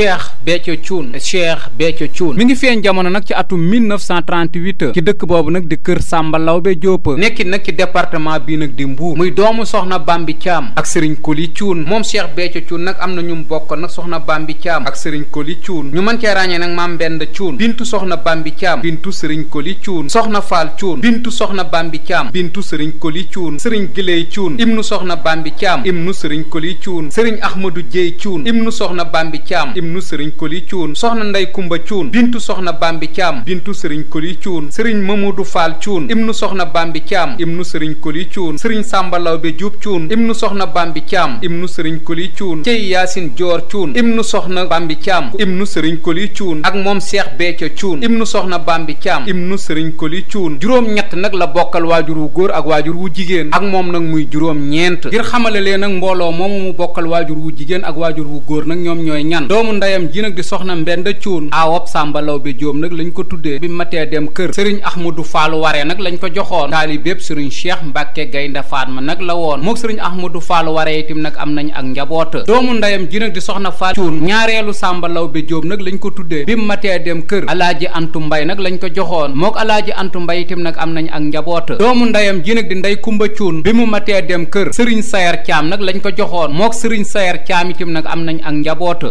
Cheikh Béthio Thioune Cheikh Béthio Thioune mi ngi feeñ jamono nag ci atum 1938 ci dëkk boobu nag di kër Samba Lawbe Diop nekki nag ci département bii nag di Mbour muy doomu soxna Bambi Thiam ak Serigne Koli Thioune moom Cheikh Béthio Thioune nag am na ñu bokk nag soxna Bambi Thiam ak Serigne Koli Thioune ñu mën cee ràññee nag maam Mbend Thioune bintu soxna Bambi Thiam bintu Serigne Koli Thioune soxna Fall Thioune bintu soxna Bambi Thiam bintu Serigne Koli Thioune Serigne Giley Thioune ibnu soxna Bambi Thiam ibnu Serigne Koli Thioune Serigne Ahmadou Dieye Thioune ibnu soxna Bambi Thiam ibnu sëriñ koli cuun soxna ndey kumba cuun bintu soxna bambi caam bintu sëriñ koli cuun sëriñ mamudu faal cuun ibnu soxna bambi caam ibnu sëriñ koli cuun sëriñ sàmbalaw be juub cuun ibnu soxna bambi caam ibnu sëriñ koli cuun cey yaasin joor cuun ibnu soxna bambi caam ibnu sëriñ koli cuun ak moom seex beeco cuun ibnu soxna bambi caam ibnu sëriñ koli cuun juróom-ñett nag la bokkal waajur wu góor ak waajur wu jigéen ak moom nag muy juróom ñeent ngir xamale leen nag mbooloo moomu mu bokkal waajur wu jigéen ak waajur wu góor nag ñoom ñooy ñan doomu doomu ndeyam ji nag di soxna Mbenda Cuun aawop Sàmba Lawbe Jóob nag lañ ko tuddee bi matee dem kër sëriñ Ahmadu Faalu Waree nag lañ ko joxoon taalibeeb sëriñ Cheikh Mbàkke Gaynde ma nag la woon mook sëriñ Ahmadu Faalu Waree itam nag am nañ ak njaboota doomu ndeyam ji nag di soxna Faat Cuun ñaareelu Sàmba Lawbe Jóob nag lañ ko tuddee bi matee dem kër alaaji Antu Mbay nag lañ ko joxoon mook alaaji Antu Mbay itam nag am nañ ak njaboota doomu ndeyam ji nag di ndey Kumba Cuun bi mu matee dem kër sëriñ Sayar Caam nag lañ ko joxoon mook sëriñ Sayar Caam itam nag am nañ ak njaboota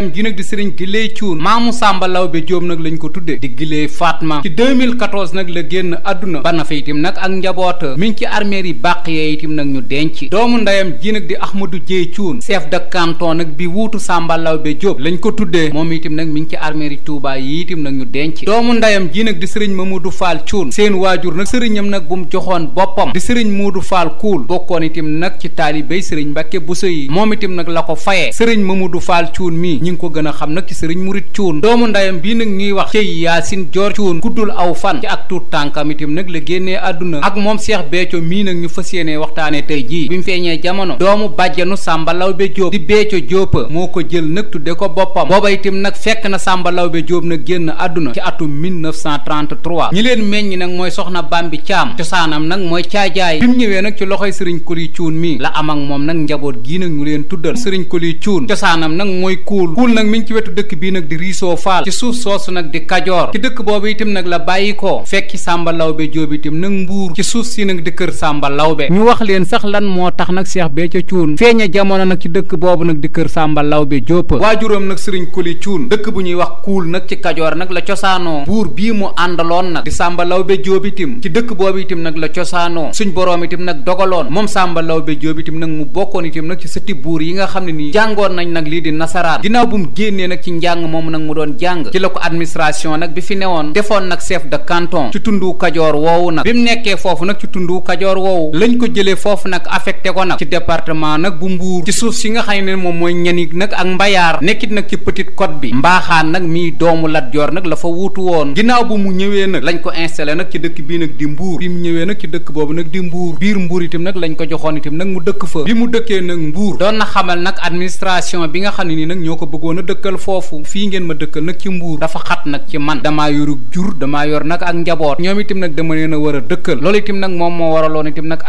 yaayam ji nag di sëriñ Gileye Cuun maamu Sàmba Lawbe Jóob nag lañ ko tudde di Gileye Fatma ci 2014 nag la génn àdduna na fa itam nag ak njaboota mi ngi ci armeer yi bàq yee itam nag ñu denc doomu ndeyam ji nag di Ahmadou Dieye Cuun chef de canton nag bi wuutu Sàmba Lawbe Jóob lañ ko tuddee moom itam nag mi ngi ci armeer yi yi itam nag ñu denc doomu ndeyam ji nag di sëriñ Mamadou Fall Cuun seen waajur nag sëriñam nag bu mu joxoon boppam di sëriñ du Fall Kuul bokkoon itam nag ci taalibey sëriñ Mbàkke Buso yi moom itam nag la ko fayee sëriñ Mamadou Fall Cuun mi ñi ngi ko gën a xam nag ci sëriñ murit cuun doomu ndayam bii nag ñuy wax cey yaasin joor cuun guddul aw fan ci ak tuut tànkam itam nag la génnee àdduna ak moom seex beeco mii nag ñu fas yéene waxtaane tey jii bi mu feeñee jamono doomu bàjjanu sàmba lawbe jóob di beeco jóopa moo ko jël nag tudde ko boppam booba itam nag fekk na sàmba lawbe jóob nag génn àdduna ci atum 1933 ñi nag mooy soxna bambi caam cosaanam nag mooy caajaay bi mu ñëwee nag ci loxoy sëriñ kuli cuun mi la am ak moom nag njaboot gii nag ñu leen tuddal sëriñ kuli cuun cosaanam nag mooy mbuul nag mi ngi ci wetu dëkk bi nag di riisoo faal ci suuf soosu nag di kajoor ci dëkk boobu itam nag la bàyyi ko fekki sàmba lawbe jóob itam nag mbuur ci suuf si nag di kër sàmba lawbe ñu wax leen sax lan moo tax nag seex bee ca cuun feeña jamono nag ci dëkk boobu nag di kër sàmba lawbe jóob waajuram nag sëriñ kuli cuun dëkk bu ñuy wax kuul nag ci kajoor nag la cosaanoo buur bii mu àndaloon nag di sàmba lawbe jóob ci dëkk boobu itam nag la cosaanoo suñ boroom itam nag dogaloon moom sàmba lawbe jóob nag mu bokkoon itam nag ci sëti buur yi nga xam ne nii jàngoon nañ nag lii di nasaraan ginnaaw bu mu génnee nag ci njàng moom nag mu doon jàng ci la ko administration nag bi fi newoon defoon nag chef de canton ci tundu kajoor woowu nag bi mu nekkee foofu nag ci tundu kajoor woowu lañ ko jëlee foofu nag affecté ko nag ci département nag bu mbuur ci suuf si nga xam ne moom mooy ñanig nag ak mbayaar nekkit nag ci petite côte bi mbaaxaan nag mii doomu Lat Joor nag la fa wuutu woon ginnaaw bu mu ñëwee nag lañ ko installé nag ci dëkk bii bi mu ñëwee nag ci dëkk boobu nag di mbuur biir mbuur itam nag na xamal nag administration bi nga xam ne nii bëggoon a dëkkal foofu fii ngeen ma dëkkal nag ci mbuur dafa xat nag ci man damaa yorub jur damaa yor nag ak njaboot a a dëkkal loolu itam nag moom moo waraloon itam nag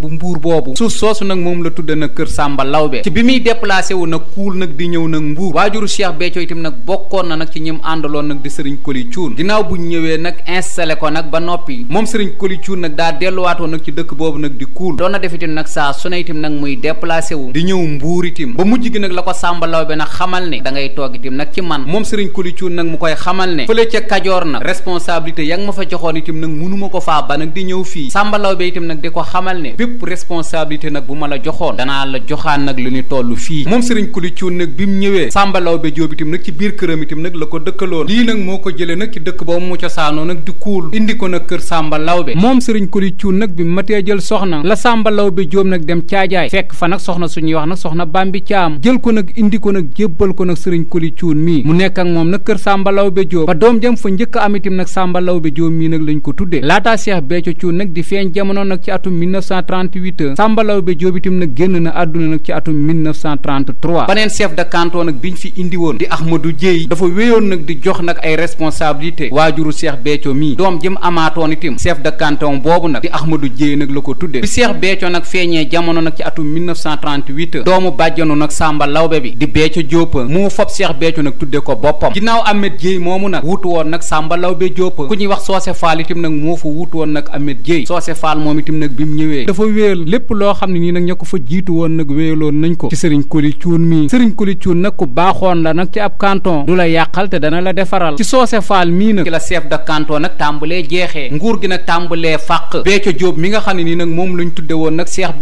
bu mbuur boobu suuf soosu nag moom la tudde nag kër Samba Lawbe ci bi muy déplacé wu nag kuul nag di ñëw nag mbuur waajuru Cheikh Béthio itam nag bokkoon na nag ci ñim àndaloon nag di sëriñ Koli Cuun ginnaaw bu ñëwee nag installé ko nag ba noppi moom sëriñ Koli Cuun nag daa delluwaatoon nag ci dëkk boobu nag di kuul doon def itam nag saa su ne itam nag muy déplacé wu di ñëw mbuur itim ba mujj gi nag la ko Samba Laobé nag xamal ne da ngay toog itim nag ci man moom Serigne Coly Thioune nag mu koy xamal ne fële ca Kajoor nag responsabilité ya ma fa joxoon itim nag munuma ko faa ba nag di ñëw fii Samba Laobé nag di ko xamal ne bépp responsabilité nag bu ma la joxoon danaa la joxaan nag lu ñu toll fii moom Serigne Coly Thioune nag bi mu ñëwee Samba Laobé Diop itim nag ci biir këram itim nag la ko dëkkaloon lii nag moo ko jëlee nag ci dëkk boobu mu cosaanoo nag di kuul indi ko nag kër Samba Laobé moom Serigne Coly Thioune nag bi ma matee jël soxna la Samba Laobé Diop nag dem caajaay fekk fa nag soxna suñuy wax nag soxna baam Bambi Caam jël ko nag indi ko nag jébbal ko nag sëriñ Koli Cuun mii mu nekk ak moom nag kër Sàmba Lawbe Jóob ba doom jëm fa njëkk am itam nag Sàmba Lawbe Jóob mii nag lañ ko tuddee laataa Seex Béthio Cuun nag di feeñ jamono nag ci atum 1938 Sàmba Lawbe Jóob itam nag génn na àdduna nag ci atum 1933 baneen chef de canton nag biñ fi indi woon di Ahmadou Jéey dafa wéyoon nag di jox nag ay responsabilité waajuru Seex Béthio mii doom jëm amaatoon itam chef de canton boobu nag di Ahmadou Jéey nag la ko tuddee bi Seex Béthio nag feeñee jamono nag ci atum 1938 doomu bàjjanu nag Samba Lawbe bi di Béthio Diop mu fob Cheikh Béthio nag tudde ko boppam ginnaaw Ahmed Dieye moomu nag wuutu woon nag Samba Lawbe Diop ku ñuy wax Socé Fall itam nag moo fa wuutu woon nag Ahmed Dieye Socé Fall moom itam nag bi mu ñëwee dafa wéyal lépp loo xam ne nii nag ña ko fa jiitu woon nag wéyaloon nañ ko ci Serigne Koli Cuun mii Serigne Koli Cuun nag ku baaxoon la nag ci ab canton du la yàqal te dana la defaral ci Socé Fall mii nag ci la chef de canton nag tàmbalee jeexee nguur gi nag tàmbalee fàq Béthio Diop mi nga xam ne nii nag moom luñ tudde woon nag Cheikh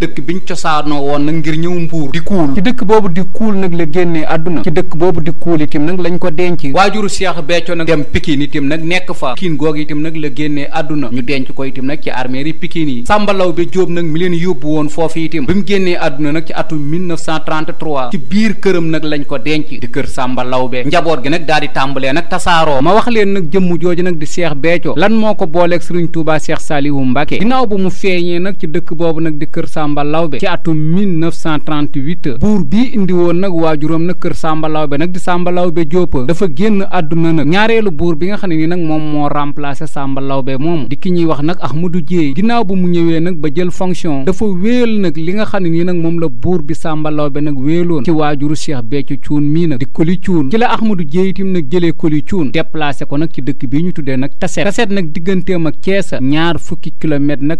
dëkk bi ñu cosaanoo woon nag ngir ñëw mbuur di kuul ci dëkk boobu di kuul nag la génnee àdduna ci dëkk boobu di kuul itam nag lañ ko denc waajuru Cheikh Béthio nag dem Pikine itam nag nekk fa Pikine googu itam nag la génnee àdduna ñu denc ko itam nag ci armée yi Pikine yi sàmbalaw bi Jóob nag mi leen yóbbu woon foofu itam bi mu génnee àdduna nag ci atum 1933 ci biir këram nag lañ ko denc di kër Sàmba Lawbe njaboot gi nag daal di tàmbalee nag tasaaroo ma wax leen nag jëmm jooju nag di Cheikh Béthio lan moo ko booleeg Sëriñ Tuubaa Cheikh Saliou Mbacké ginnaaw bu mu feeñee nag ci dëkk boobu nag di kër Sàmba Samba Lawbe ci atum 1938 buur bii indi woon nag waajuram nag kër Samba Lawbe nag di Samba Lawbe Diop dafa génn àdduna nag ñaareelu buur bi nga xam ne ni nag moom moo remplacé Samba Lawbe moom di ki ñuy wax nag Ahmadou Dieye ginnaaw bu mu ñëwee nag ba jël fonction dafa wéel nag li nga xam ne nii nag moom la buur bi Samba Lawbe nag wéeloon ci waajuru Cheikh Béthio Thioune mii nag di Koli Thioune ci la Ahmadou Dieye itam nag jëlee Koli Thioune déplacé ko nag ci dëkk bii ñu tuddee nag Taset Taset nag digganteem ak Thiès ñaar fukki kilomètre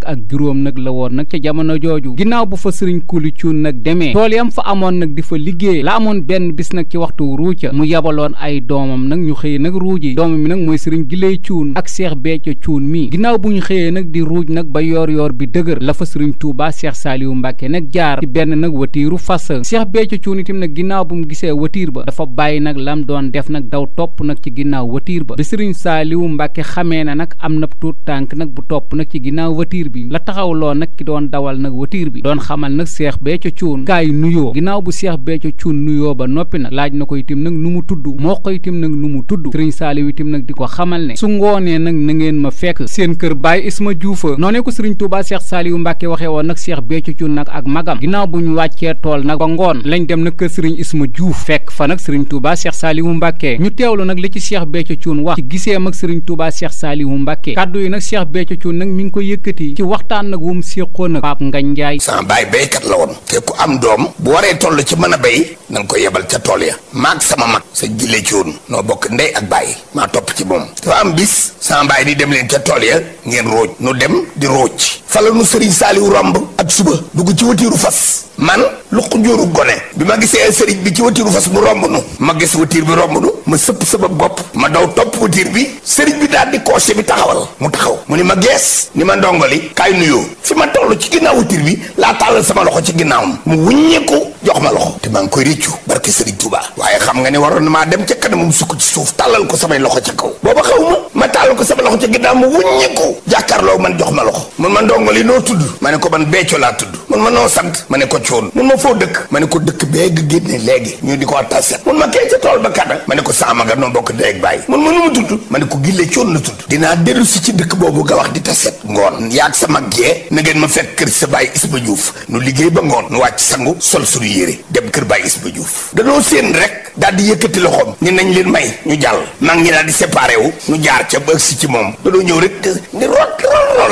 ginnaaw bu fa sëriñ kuli cuun nag demee tool yam fa amoon nag di fa liggéey la amoon benn bis nag ci waxtu ruuca mu yabaloon ay doomam nag ñu xëyee nag ruuji doomam mi nag mooy sëriñ gilee cuun ak seex beeco cuun mii ginnaaw bu ñu xëyee nag di ruuj nag ba yoor yoor bi dëgër la fa sëriñ tuubaa seex wu mbàkke nag jaar ci benn nag watiiru fas seex beeco cuun itam nag ginnaaw bu mu gisee watiir ba dafa bàyyi nag lam doon def nag daw topp nag ci ginnaaw watiir ba bi saaliwu mbàkke xamee na nag am na tuut tànk nag bu topp nag ci ginnaaw watiir bi la taxawloo nag doon dawal nag watiir bi doon xamal nag Cheikh Béthio Thioune kaay nuyoo ginnaaw bu Cheikh Béthio Thioune nuyoo ba noppi nag laaj na ko itam nag nu mu tudd moo ko itam nag nu mu tudd Serigne Saliou itam nag di ko xamal ne su ngoonee nag na ngeen ma fekk seen kër Baye Isma Diouf noonee ko Serigne Touba Cheikh Saliou Mbacke waxee woon nag Cheikh Béthio Thioune nag ak magam ginnaaw bu ñu wàccee tool nag ba ngoon lañ dem nag kër Serigne Isma Diouf fekk fa nag Serigne Touba Cheikh Saliou Mbacke ñu teewlu nag li ci Cheikh Béthio Thioune wax ci gisee mag Serigne Touba Cheikh Saliou Mbacke kaddu yi nag Cheikh Béthio Thioune nag mi ngi ko yëkkati ci waxtaan nag wum séqoon nag Pape Ngagne Ndiaye sama baay béykat la woon te ku am doom bu waree toll ci mën a béy nanga nga ko yebal ca tool ya maag sama mag sa jille ci woon noo bokk ndey ak baay maa topp ci moom dafa am bis sama baay di dem leen ca tool ya ngeen rooj nu dem di rooj fa la nu sëriñ saaliwu romb ak suba dugg ci watiiru fas man lu xunjooru gone bi ma gisee sëriñ bi ci watiiru fas bu romb nu ma gis watiir bi romb nu ma sëpp sama bopp ma daw topp watiir bi sëriñ bi daal di coché bi taxawal mu taxaw mu ni ma gees ni ma ndongoli kaay nuyoo fi ma toll ci ginnaaw watiir bi laa tàllal sama loxo ci ginnaawam mu wuññeeku jox ma loxo te maa ngi koy réccu barke sëriñ Touba waaye xam nga ne waroon na maa dem ca kanamam sukk ci suuf tàllal ko samay loxo ci kaw booba xaw ma ma tàllal ko sama loxo ca ginnaaw mu wuññeeku jàkkaarloo man jox ma loxo mun ma ndongoli noo tudd ma ne ko man beeco laa tudd mun ma noo sant ma ne ko cuun mun ma foo dëkk ma ne ko dëkk bee nga génne léegi ñu di ko taset mun ma kee ca tool ba kada ma ne ko saama nga noo bokk deeg bàyyi mun ma nu mu tudd ma ne ko gille cuun la tudd dinaa dellu si ci dëkk boobu nga wax di taset ngoon yaag sa mag jee na ngeen ma fekk kër sa bàyyi Isba Diouf nu liggéey ba ngoon nu wàcc sangu sol suñu yére dem kër bàyyi Isba Diouf danoo séen rek daal di yëkkati loxoom ni nañ leen may ñu jàll mag ñi daal di séparé wu ñu jaar ca ba si ci moom danoo ñëw rek ni rot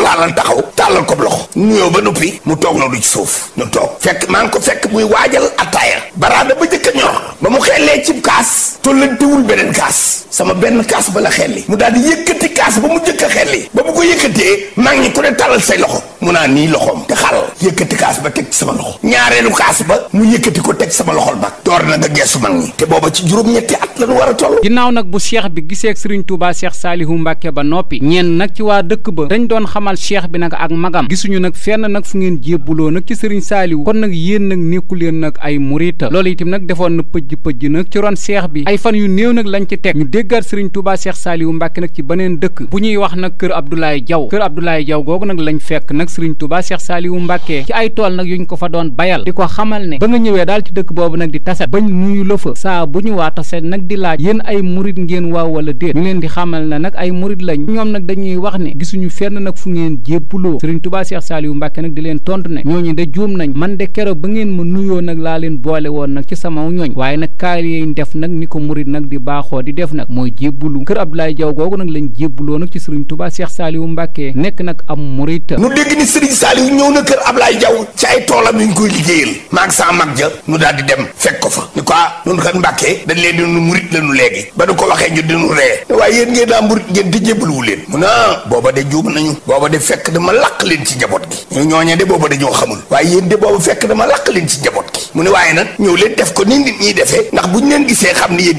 laalal taxaw tàllal ko loxo nuyoo ba noppi mu toog na ci suuf ñu toog maa ngi ko fekk muy waajal attaaya baraada ba jëkk a ñor ba mu xellee cib kaas tollantiwul beneen kaas sama benn kaas ba la xelli mu daal di yëkkati kaas ba mu jëkk a xelli ba bu ko yëkkatee mag ñi ku ne talal say loxo mu naa nii loxoom te xal yëkkati kaas ba teg sama loxo ñaareelu kaas ba mu yëkkati ko teg sama loxol ba door na nga geesu mag ñi te booba ci juróom-ñetti at lañu war a toll ginnaaw nag bu cheikh bi gisee ak sëriñ Touba Cheikh Saalihu Mbàkke ba noppi ñenn nag ci waa dëkk ba dañ doon xamal cheikh bi nag ak magam gisuñu nag fenn nag fu ngeen jébbuloo nag ci sëriñ Saalihu kon nag yéen nag nekku leen nag ay murita loolu itam nag defoon na pëjj pëjj nag ci ron cheikh bi ay fan yu néew nag lañ ci teg déggaat sëriñ Touba Cheikh Saliou Mbacke nag ci beneen dëkk bu ñuy wax nag kër Abdoulaye Diaw kër Abdoulaye Diaw googu nag lañ fekk nag sëriñ Touba Cheikh Saliou Mbacke ci ay tool nag ñu ko fa doon bayal di ko xamal ne ba nga ñëwee daal ci dëkk boobu nag di taset bañ nuyu la fa saa bu ñu waa taset nag di laaj yéen ay murid ngeen waaw wala déet ñu leen di xamal ne nag ay murid lañ ñoom nag dañuy wax ne gisuñu fenn nag fu ngeen jéppuloo sëriñ Touba Cheikh Saliou Mbacke nag di leen tontu ne ñooñu de juum nañ man de kero ba ngeen ma nuyoo nag laa leen boole woon nag ci sama ñooñ waaye nag kaar yi def nag ni ko murid nag di baaxoo di def nag mooy jébbulu kër Abdoulaye Diaw googu nag lañ jébbuloo nag ci sëriñ Touba Cheikh Saliou Mbacke nekk nag am murit nu dégg ni sëriñ Saliou ñëw na kër Abdoulaye Diaw ci ay toolam yu ñu koy liggéeyal maag saa mag ja nu daal di dem fekk ko fa ñu ko nun ah, kat Mbacke dañ leen di nu murit la nu léegi ba nu ko waxee ñu dinu ree waaye yéen ngeen daa murit ngeen di jébbaluwu leen mu na ah, booba de juum nañu booba de fekk dama làq leen ci njaboot gi ñu ñooñe de booba dañoo xamul waaye yéen de booba fekk dama làq leen ci njaboot gi mu waaye nag ñëw leen def ko ni nit ñiy defee ndax buñ leen gisee xam ne yéen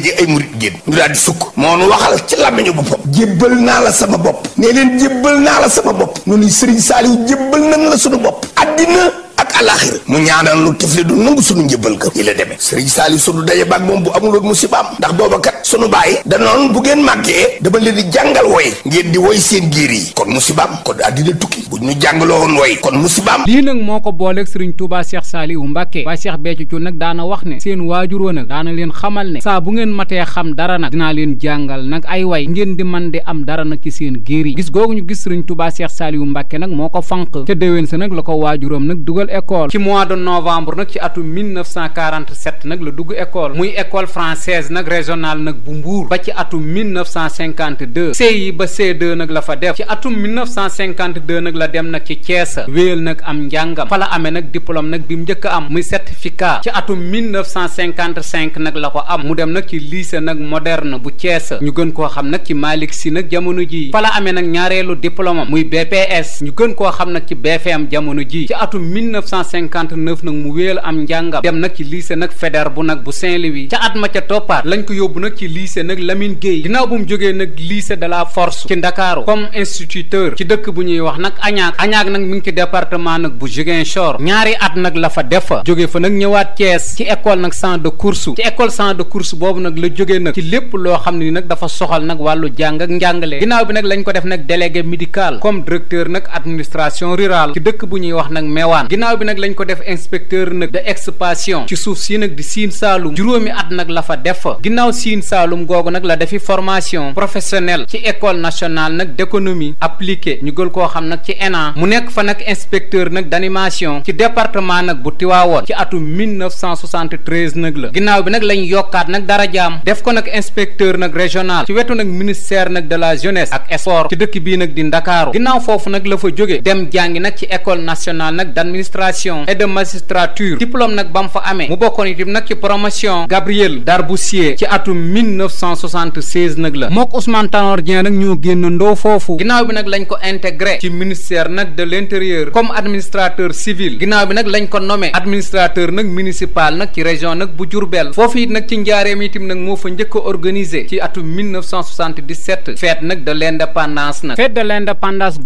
di mukk moo nu waxal ci làmmiñu boppam jébbal naa la sama bopp nee leen jébbal naa la sama bopp nu nuy sëriñ Saaliw jébbal nan la suñu bopp addina alaxira mu ñaanal lu tifli du nangu sunu njëbbal ka yi la demee sëriñ Saliou sunu daje baag moom bu musibaam ndax booba sunu bàyyi danoon bu ngeen màggee dama leen di jàngal woy ngeen di woy seen giir yi kon musibaam kon àddina tukki jàngaloo woon woy kon musibaam lii nag moo ko booleeg sëriñ Touba Cheikh Saliou Mbacke waaye Cheikh Béthio Thioune nag daana wax ne seen waajur woon nag daana leen xamal ne saa bu ngeen matee xam dara nag dinaa leen jàngal nag ay way ngeen di man di am dara nag ci seen giir yi gis googu ñu gis sëriñ Touba Cheikh Saliou Mbacke nag moo ko fànq ca déwén sa nag la ko waajuram nag dugal école ci mois de novembre nag ci atum 1947 nag la dugg école muy école française nag régionale nag bu Mbour ba ci atum 1952 CI ba C2 nag la fa def ci atum 1952 nag la dem nag ci Thiès wéyal nag am njàngam fa la amee nag diplôme nag bi mu njëkk am muy certificat ci atum 1955 nag la ko am mu dem nag ci lycée nag moderne bu Thiès ñu gën koo xam nag ci Malick Sy nag jamono jii fa la amee nag ñaareelu diplôme muy BPS ñu gën koo xam nag ci BFM jamono ji ci atum 1959 nag mu wéyal am njàngam dem nag ci lycée nag Faidherbe nag bu Saint-Louis ca at ma ca toppaat lañ ko yóbbu nag ci lycée nag Lamine Gueye ginnaaw bu mu jógee nag lycée de la force ci Ndakaaru comme instituteur ci dëkk bu ñuy wax nag Añaak Añaak nag mi ci département nag bu Ziguinchor ñaari at nag la fa def fa jóge fa nag ñëwaat Thiès ci école nag centre de course ci école centre de course boobu nag la jógee nag ci lépp loo xam ne nag dafa soxal nag wàllu jàng nag lañ ko def nag délégué médical comme directeur nag administration rurale ci dëkk bu nag lañ ko def inspecteur nag de expansion ci suuf si nag di Sine Saalum juróomi at nag la fa def ginnaaw Sine Saalum googu nag la defi formation professionnelle ci école nationale nag d'économie appliquée ñu gën koo xam nag ci ENA mu nekk fa nag inspecteur nag d'animation ci département nag bu Tiwaawoon ci atum 1973 nag la ginnaaw bi nag lañ yokkaat nag dara jaam def ko nag inspecteur nag régional ci wetu nag ministère nag de la jeunesse ak sport ci dëkk bii di Ndakaaru ginnaaw foofu nag la fa jóge dem jàngi nag administration et de magistrature diplôme nag ba mu fa amee mu bokkoon itam nag ci promotion Gabriel Darboussier ci atum nag la mook Ousmane Tanor nag ñoo génn ndoo foofu ginnaaw bi nag lañ ko intégré ci ministère nag de l'intérieur comme administrateur civil ginnaaw bi nag lañ ko nommé administrateur nag municipal nag ci région nag bu Diourbel foofu it nag ci njaareem itam nag moo fa njëkk a organisé ci atum 1977 nag de l'indépendance nag fête de l'indépendance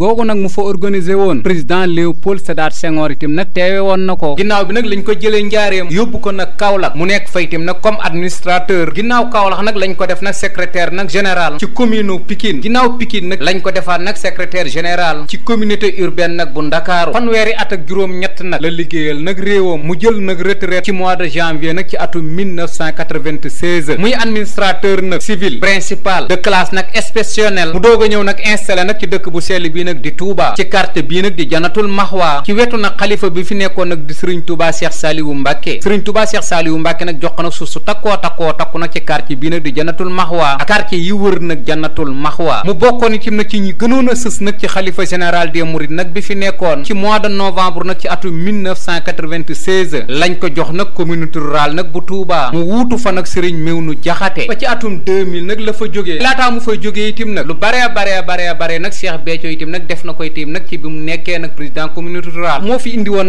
teewe woon na ko ginnaaw bi nag lañ ko jëlee njaareem yóbbu ko nag Kaolack mu nekk faytim nag comme administrateur ginnaaw Kaolack nag lañ ko def nag secrétaire nag général ci commune Pikine ginnaaw Pikine nag lañ ko defaat nag secrétaire général ci communauté urbaine nag bu Ndakaaru fanweeri at ak juróom-ñett nag la liggéeyal nag réewam mu jël nag retraite ci mois de janvier nag ci atum 1996 muy administrateur nag civil principal de classe nag exceptionnelle mu doog a ñëw nag installé nag ci dëkk bu sell bi nag di Touba ci quartier bii nag di Janatul Mahwa bi fi nekkoon nag di sëriñ tubaa seex saaliwu mbàkke sëriñ tubaa seex saaliwu mbàkke nag jox ko nag suuf su takkoo takkoo takku nag ci quartier bii nag di jannatul maxwa ak quartier yi wër nag jannatul maxwa mu bokkoon itam nag ci ñu gënoon a sës nag ci xalifa général des mourides nag bi fi nekkoon ci mois de novembre nag ci atum 1996 lañ ko jox nag communauté rural nag bu Touba mu wuutu fa nag sëriñ Mewnu Jaxate ba ci atum 2000 nag la fa jógee laataa mu fay jógee itam nag lu bare bare bare bare nag Cheikh Béthio itam nag def na ko itam nag ci bi mu nekkee nag président communauté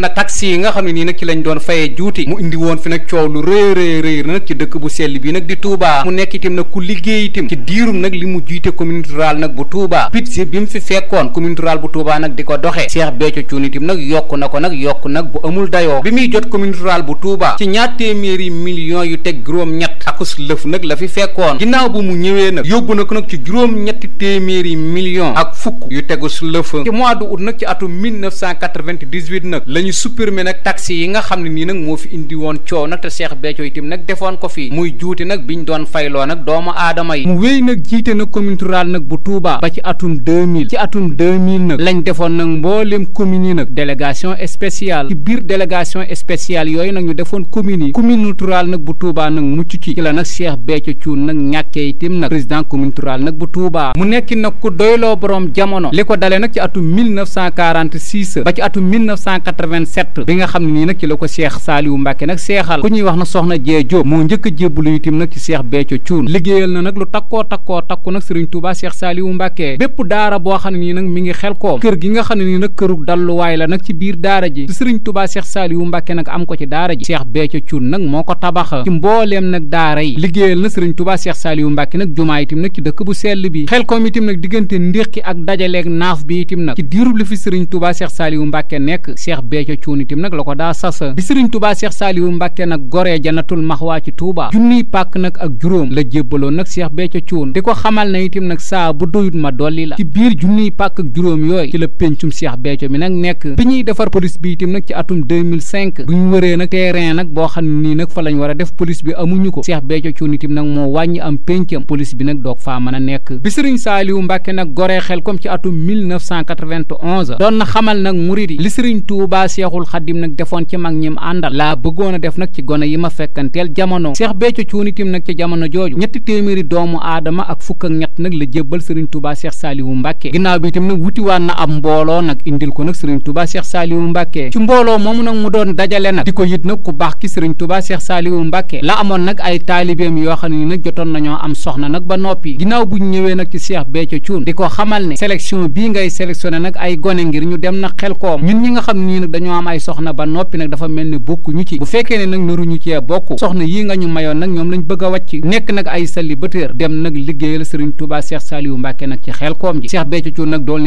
nag taxi yi nga xam ne nii nag ci lañ doon fayee juuti mu indi woon fi nag coow lu rëy rëy rëy nag ci dëkk bu sell bi nag di Touba mu nekk itam nag ku liggéey itam ci diirum nag li mu jiite commune rurale nag bu Touba budget bi mu fi fekkoon commune rurale bu Touba nag di ko doxee Cheikh Béthio Thioune itam nag yokku na ko nag yokku nag bu amul dayoo bi muy jot commune rurale bu Touba ci ñaar téeméeri millions yu teg juróom-ñett akus lëf nag la fi fekkoon ginnaaw bu mu ñëwee nag yóbbu na ko nag ci juróom-ñetti téeméeri millions ak fukk yu tegu lëf ci mois supprimer nag taxe yi nga xam ne nii nag moo fi indi woon coow nag te Cheikh Béthio itam nag defoon ko fii muy juuti nag biñ doon fayloo nag doomu aadama yi mu wéy nag jiite nag commune rurale nag bu Touba ba ci atum 2000 ci atum 2000 nag lañ defoon nag mboolem communes nag yooyu nag ñu defoon communes yi commune rurale nag bu Touba nag mucc ci ci la nag Cheikh Béthio Thioune nag ñàkkee itam nag président commune rurale nag bu Touba mu nekki nag ku doyloo borom jamono li ko dalee nag ci atum 1946 ba ci atum 57 bi nga xam ne nii nag ci la ko Cheikh Saliou Mbacke nag seexal ku ñuy a jébbalu nag la nag ci biir daara ji Serigne Touba Cheikh Saliou Mbacke nag am ko ci daara ji moo ko tabax ci mbooleem nag daara yi liggéeyal na Serigne Touba Cheikh Saliou Mbacke nag jumaa itam nag ci dëkk bu sell bi xel koom itam nag diggante ndéqi ak dajaleeg naaf bi itam nag ci diirub li fi Serigne Touba Cheikh Saliou Mbacke nekk Cheikh Béthio woote cuunitim nag la ko daa sasa bi sëriñ seex saaliwu mbàkke nag goree janatul maxwaa ci tuubaa junniy pàkk nag ak juróom la jébbaloon nag seex becco cuun di ko xamal na nag saa bu doyut ma dolli la ci biir junniy pàkk ak juróom yooyu ci la péncum seex becco mi nag nekk bi ñuy defar police bi itam nag ci atum 2005 bu ñu wëree nag terrain nag boo xam nii nag fa lañ war a def police bi amuñu ko seex becco cuun itam nag moo wàññi am péncam police bi nag doog faa mën a nekk bi sëriñ saaliwu mbàkke nag goree xel comme ci atum 1991 doon na xamal nag murit seexul xaddim nag defoon ci mag ñim àndal laa bëggoon a def nag ci gone yi ma fekkanteel jamono Seex Béthio Thioune itam nag ci jamono jooju ñetti téeméeri doomu aadama ak fukk ak ñett nag la jébbal Serigne Touba Seex Saaliwu Mbàkke ginnaaw bi na ab mbooloo nag indil ko nag Serigne Touba Seex Saaliwu Mbàkke ci mbooloo moomu nag mu doon dajale nag di ko yit ñëwee nag ci Seex Béthio Thioune di ko xamal ne sélection bii ngay sélectionné nag ay gone ngir ñu dem na xel koom ñun ñi nga xam nii nag dañoo dañoo am ay soxna ba noppi nag dafa mel ne bokku ñu ci bu fekkee ne nag naru ñu cee bokk soxna yi nga ñu mayoon nag ñoom lañ bëgg a wàcc nekk nag ay célibataire dem nag liggéeyal sëriñ Touba Cheikh Saliou Mbacke nag ci Xelkom ji Cheikh Béthio Thioune nag mu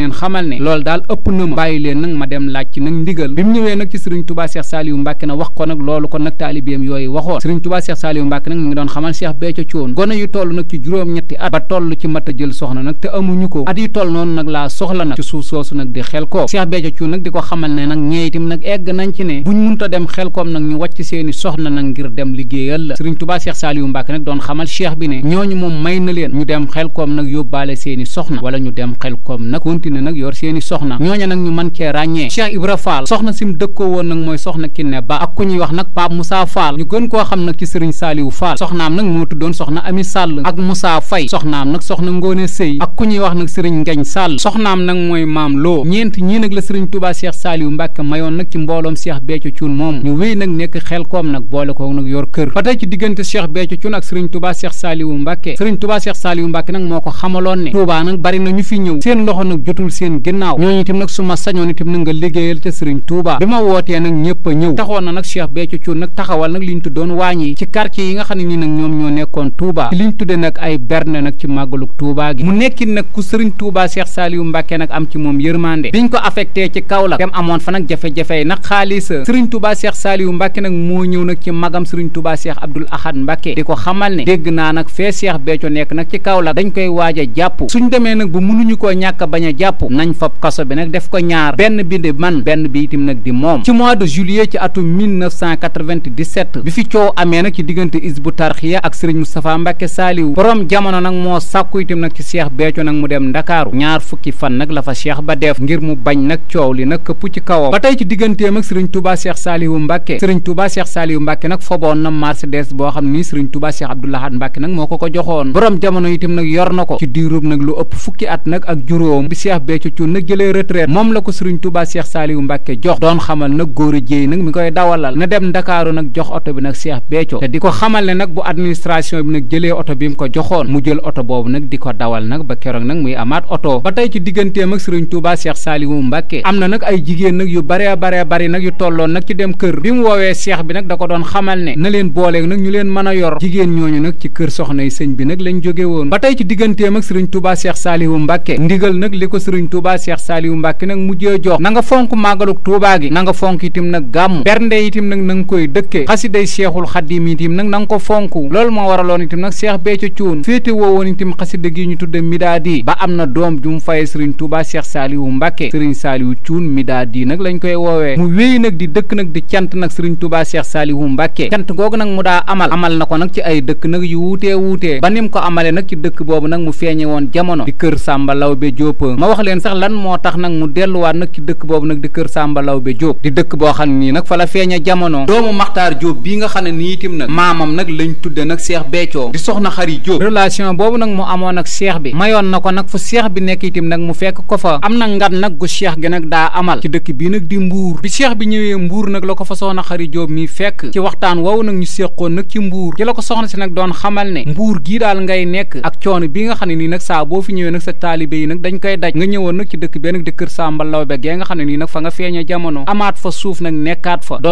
ngi doon xamal Cheikh Béthio Thioune gone yu toll nag ci juróom-ñetti at ba toll ci mat a jël soxna nag te amuñu ko at yu toll nag laa soxla nag ci suuf soosu nag di Xelkom Cheikh Béthio Thioune nag di ko xamal ne egg nañ ci ne bu buñ munta dem xel koom nag ñu wàcc seeni soxna nag ngir dem liggéeyal la sëriñ tubaa seex saaliyu mbàkke nag doon xamal cheikh bi ne ñooñu moom may na leen ñu dem xel koom nag yóbbaale seeni soxna wala ñu dem xel koom nag continuer nag yor seeni soxna ñooña nag ñu man kee ràññee cheikh ibra faal soxna sim dëkkoo woon nag mooy soxna kinne ba ak ku ñuy wax nag pape moussa faal ñu gën koo xam nag ci sëriñ saaliyu faal soxnaam nag moo tuddoon soxna ami sàll ak moussa fay soxnaam nag soxna ngóone sëy ak ku ñuy wax nag sëriñ ngañ sàll soxnaam nag mooy maam loo ñeent ñii la sëriñ tubaa seex saaliyu mbàkke mayoon nag ci mbooloom Cheikh Béthio Thioune moom ñu wéy nag nekk xel koom nag boole ko nag yor kër ba tey ci diggante Cheikh Béthio Thioune ak Serigne Touba Cheikh Saliou Mbacké Serigne Touba Cheikh Saliou Mbacké nag moo ko xamaloon ne Touba nag bari na ñu fi ñëw seen loxo nag jotul seen ginnaaw ñooñu itam nag su ma sañoon itam na liggéeyal ca Serigne bi ma wootee nag ñëpp a ñëw na nag Cheikh Béthio nag taxawal nag li ñu tuddoon waañ yi ci quartier yi nga xam ne nii nag ñoom nekkoon Touba li ñu tudde nag ay berne nag ci màggaluk Touba gi mu nekkin nag ku Serigne Touba Cheikh Saliou Mbacké nag am ci moom yërmande biñ ko affecté ci Kaolack dem amoon fa nag jafe-jafe fay nag xaalisa sëriñ tubaa seex saaliyu mbàkke nag moo ñëw nag ci magam sëriñ tubaa seex abdul ahad mbàkke di ko xamal ne dégg naa nag fee seex beeco nekk nag ci kaw la dañ koy waaja jàpp suñu demee nag bu mënuñu koo ñàkk bañ a jàpp nañ fab kaso bi nag def ko ñaar benn bi di man benn bi itam nag di moom ci mois de juillet ci atum 1997 bi fi coow amee nag ci diggante isbu tarxiya ak sëriñ moustapha mbàkke saaliwu boroom jamono nag moo sàkku itam nag ci seex beeco nag mu dem ndakaaru ñaar fukki fan nag la fa seex ba def ngir mu bañ nag coow li nag këpp ci kawam digganteem ak sëriñ Touba Cheikh Saliou Mbacke sëriñ Touba Cheikh na Mercedes boo xam ni sëriñ Touba Cheikh Abdou Lahad Mbacke nag moo ko ko joxoon yor na ko ci diirub nag lu ëpp fukki at nag ak juróom moom la ko sëriñ Touba Cheikh Saliou Mbacke jox doon xamal nag góor a jéey mi koy dawalal na dem Ndakaaru nag jox bi nag Cheikh Béthio di ko xamal nag bu administration bi nag jëlee oto bi mu ko joxoon mu jël oto boobu nag di ko dawal nag ba keroog nag muy amaat oto ba tey ci digganteem ak sëriñ Touba seex Saliou Mbacke am na nag ay jigéen nag yu bare baree bari nag yu tolloon nag ci dem kër bi mu woowee seex bi nag da doon xamal ne na leen booleeg nag ñu leen mën a yor jigéen ñooñu nag ci kër soxna yi sëñ bi nag lañ jóge woon ba tey ci digganteem ak sëriñ Touba Seex Saaliwu Mbàkke ndigal nag li ko sëriñ Touba Seex Saaliwu Mbàkke nag mujjee jox na nga fonk màggaluk Touba gi na nga fonk itam nag gàmm bernde itam nag na koy dëkke xasiday Seexul Xadiim itam nag na ko fonk loolu moo waraloon itam nag Seex Béthio Thioune féete woo woon itam xasida gi ñu tudde Midaadi ba am na doom ju mu faye sëriñ Touba Seex woowee mu wéy nag di dëkk nag di cant nag sëriñ tubaa cheikh saalihu mbàkke cant googu nag mu daa amal amal na ko nag ci ay dëkk nag yu wuutee wuutee ba nim ko amale nag ci dëkk boobu nag mu feeñe woon jamono di kër sàmba lawbe jóob ma wax leen sax lan moo tax nag mu delluwaat nag ci dëkk boobu nag di kër sàmba lawbe jóob di dëkk boo xam ne nii nag fa la feeñe jamono doomu maxtaar jóob bii nga xam ne nii itam nag maamam nag lañ tudde nag seex beecoo di soxna xari jóob relation boobu nag mu amoon nag na seex bi nekk itam nag mu fekk na ngan nag gu seex gi nag daa amal ci dëkk bii nag mbuur bi cheikh bi ñëwee mbuur nag la ko fa soxna xari jóob mi fekk ci waxtaan woowu nag ñu séqoon nag ci mbuur ci la ko soxna si nag doon xamal ne mbuur gii daal ngay nag saa boo sa taalibe yi nag dañ koy daj nga ñëwoon nag ci dëkk bee nag di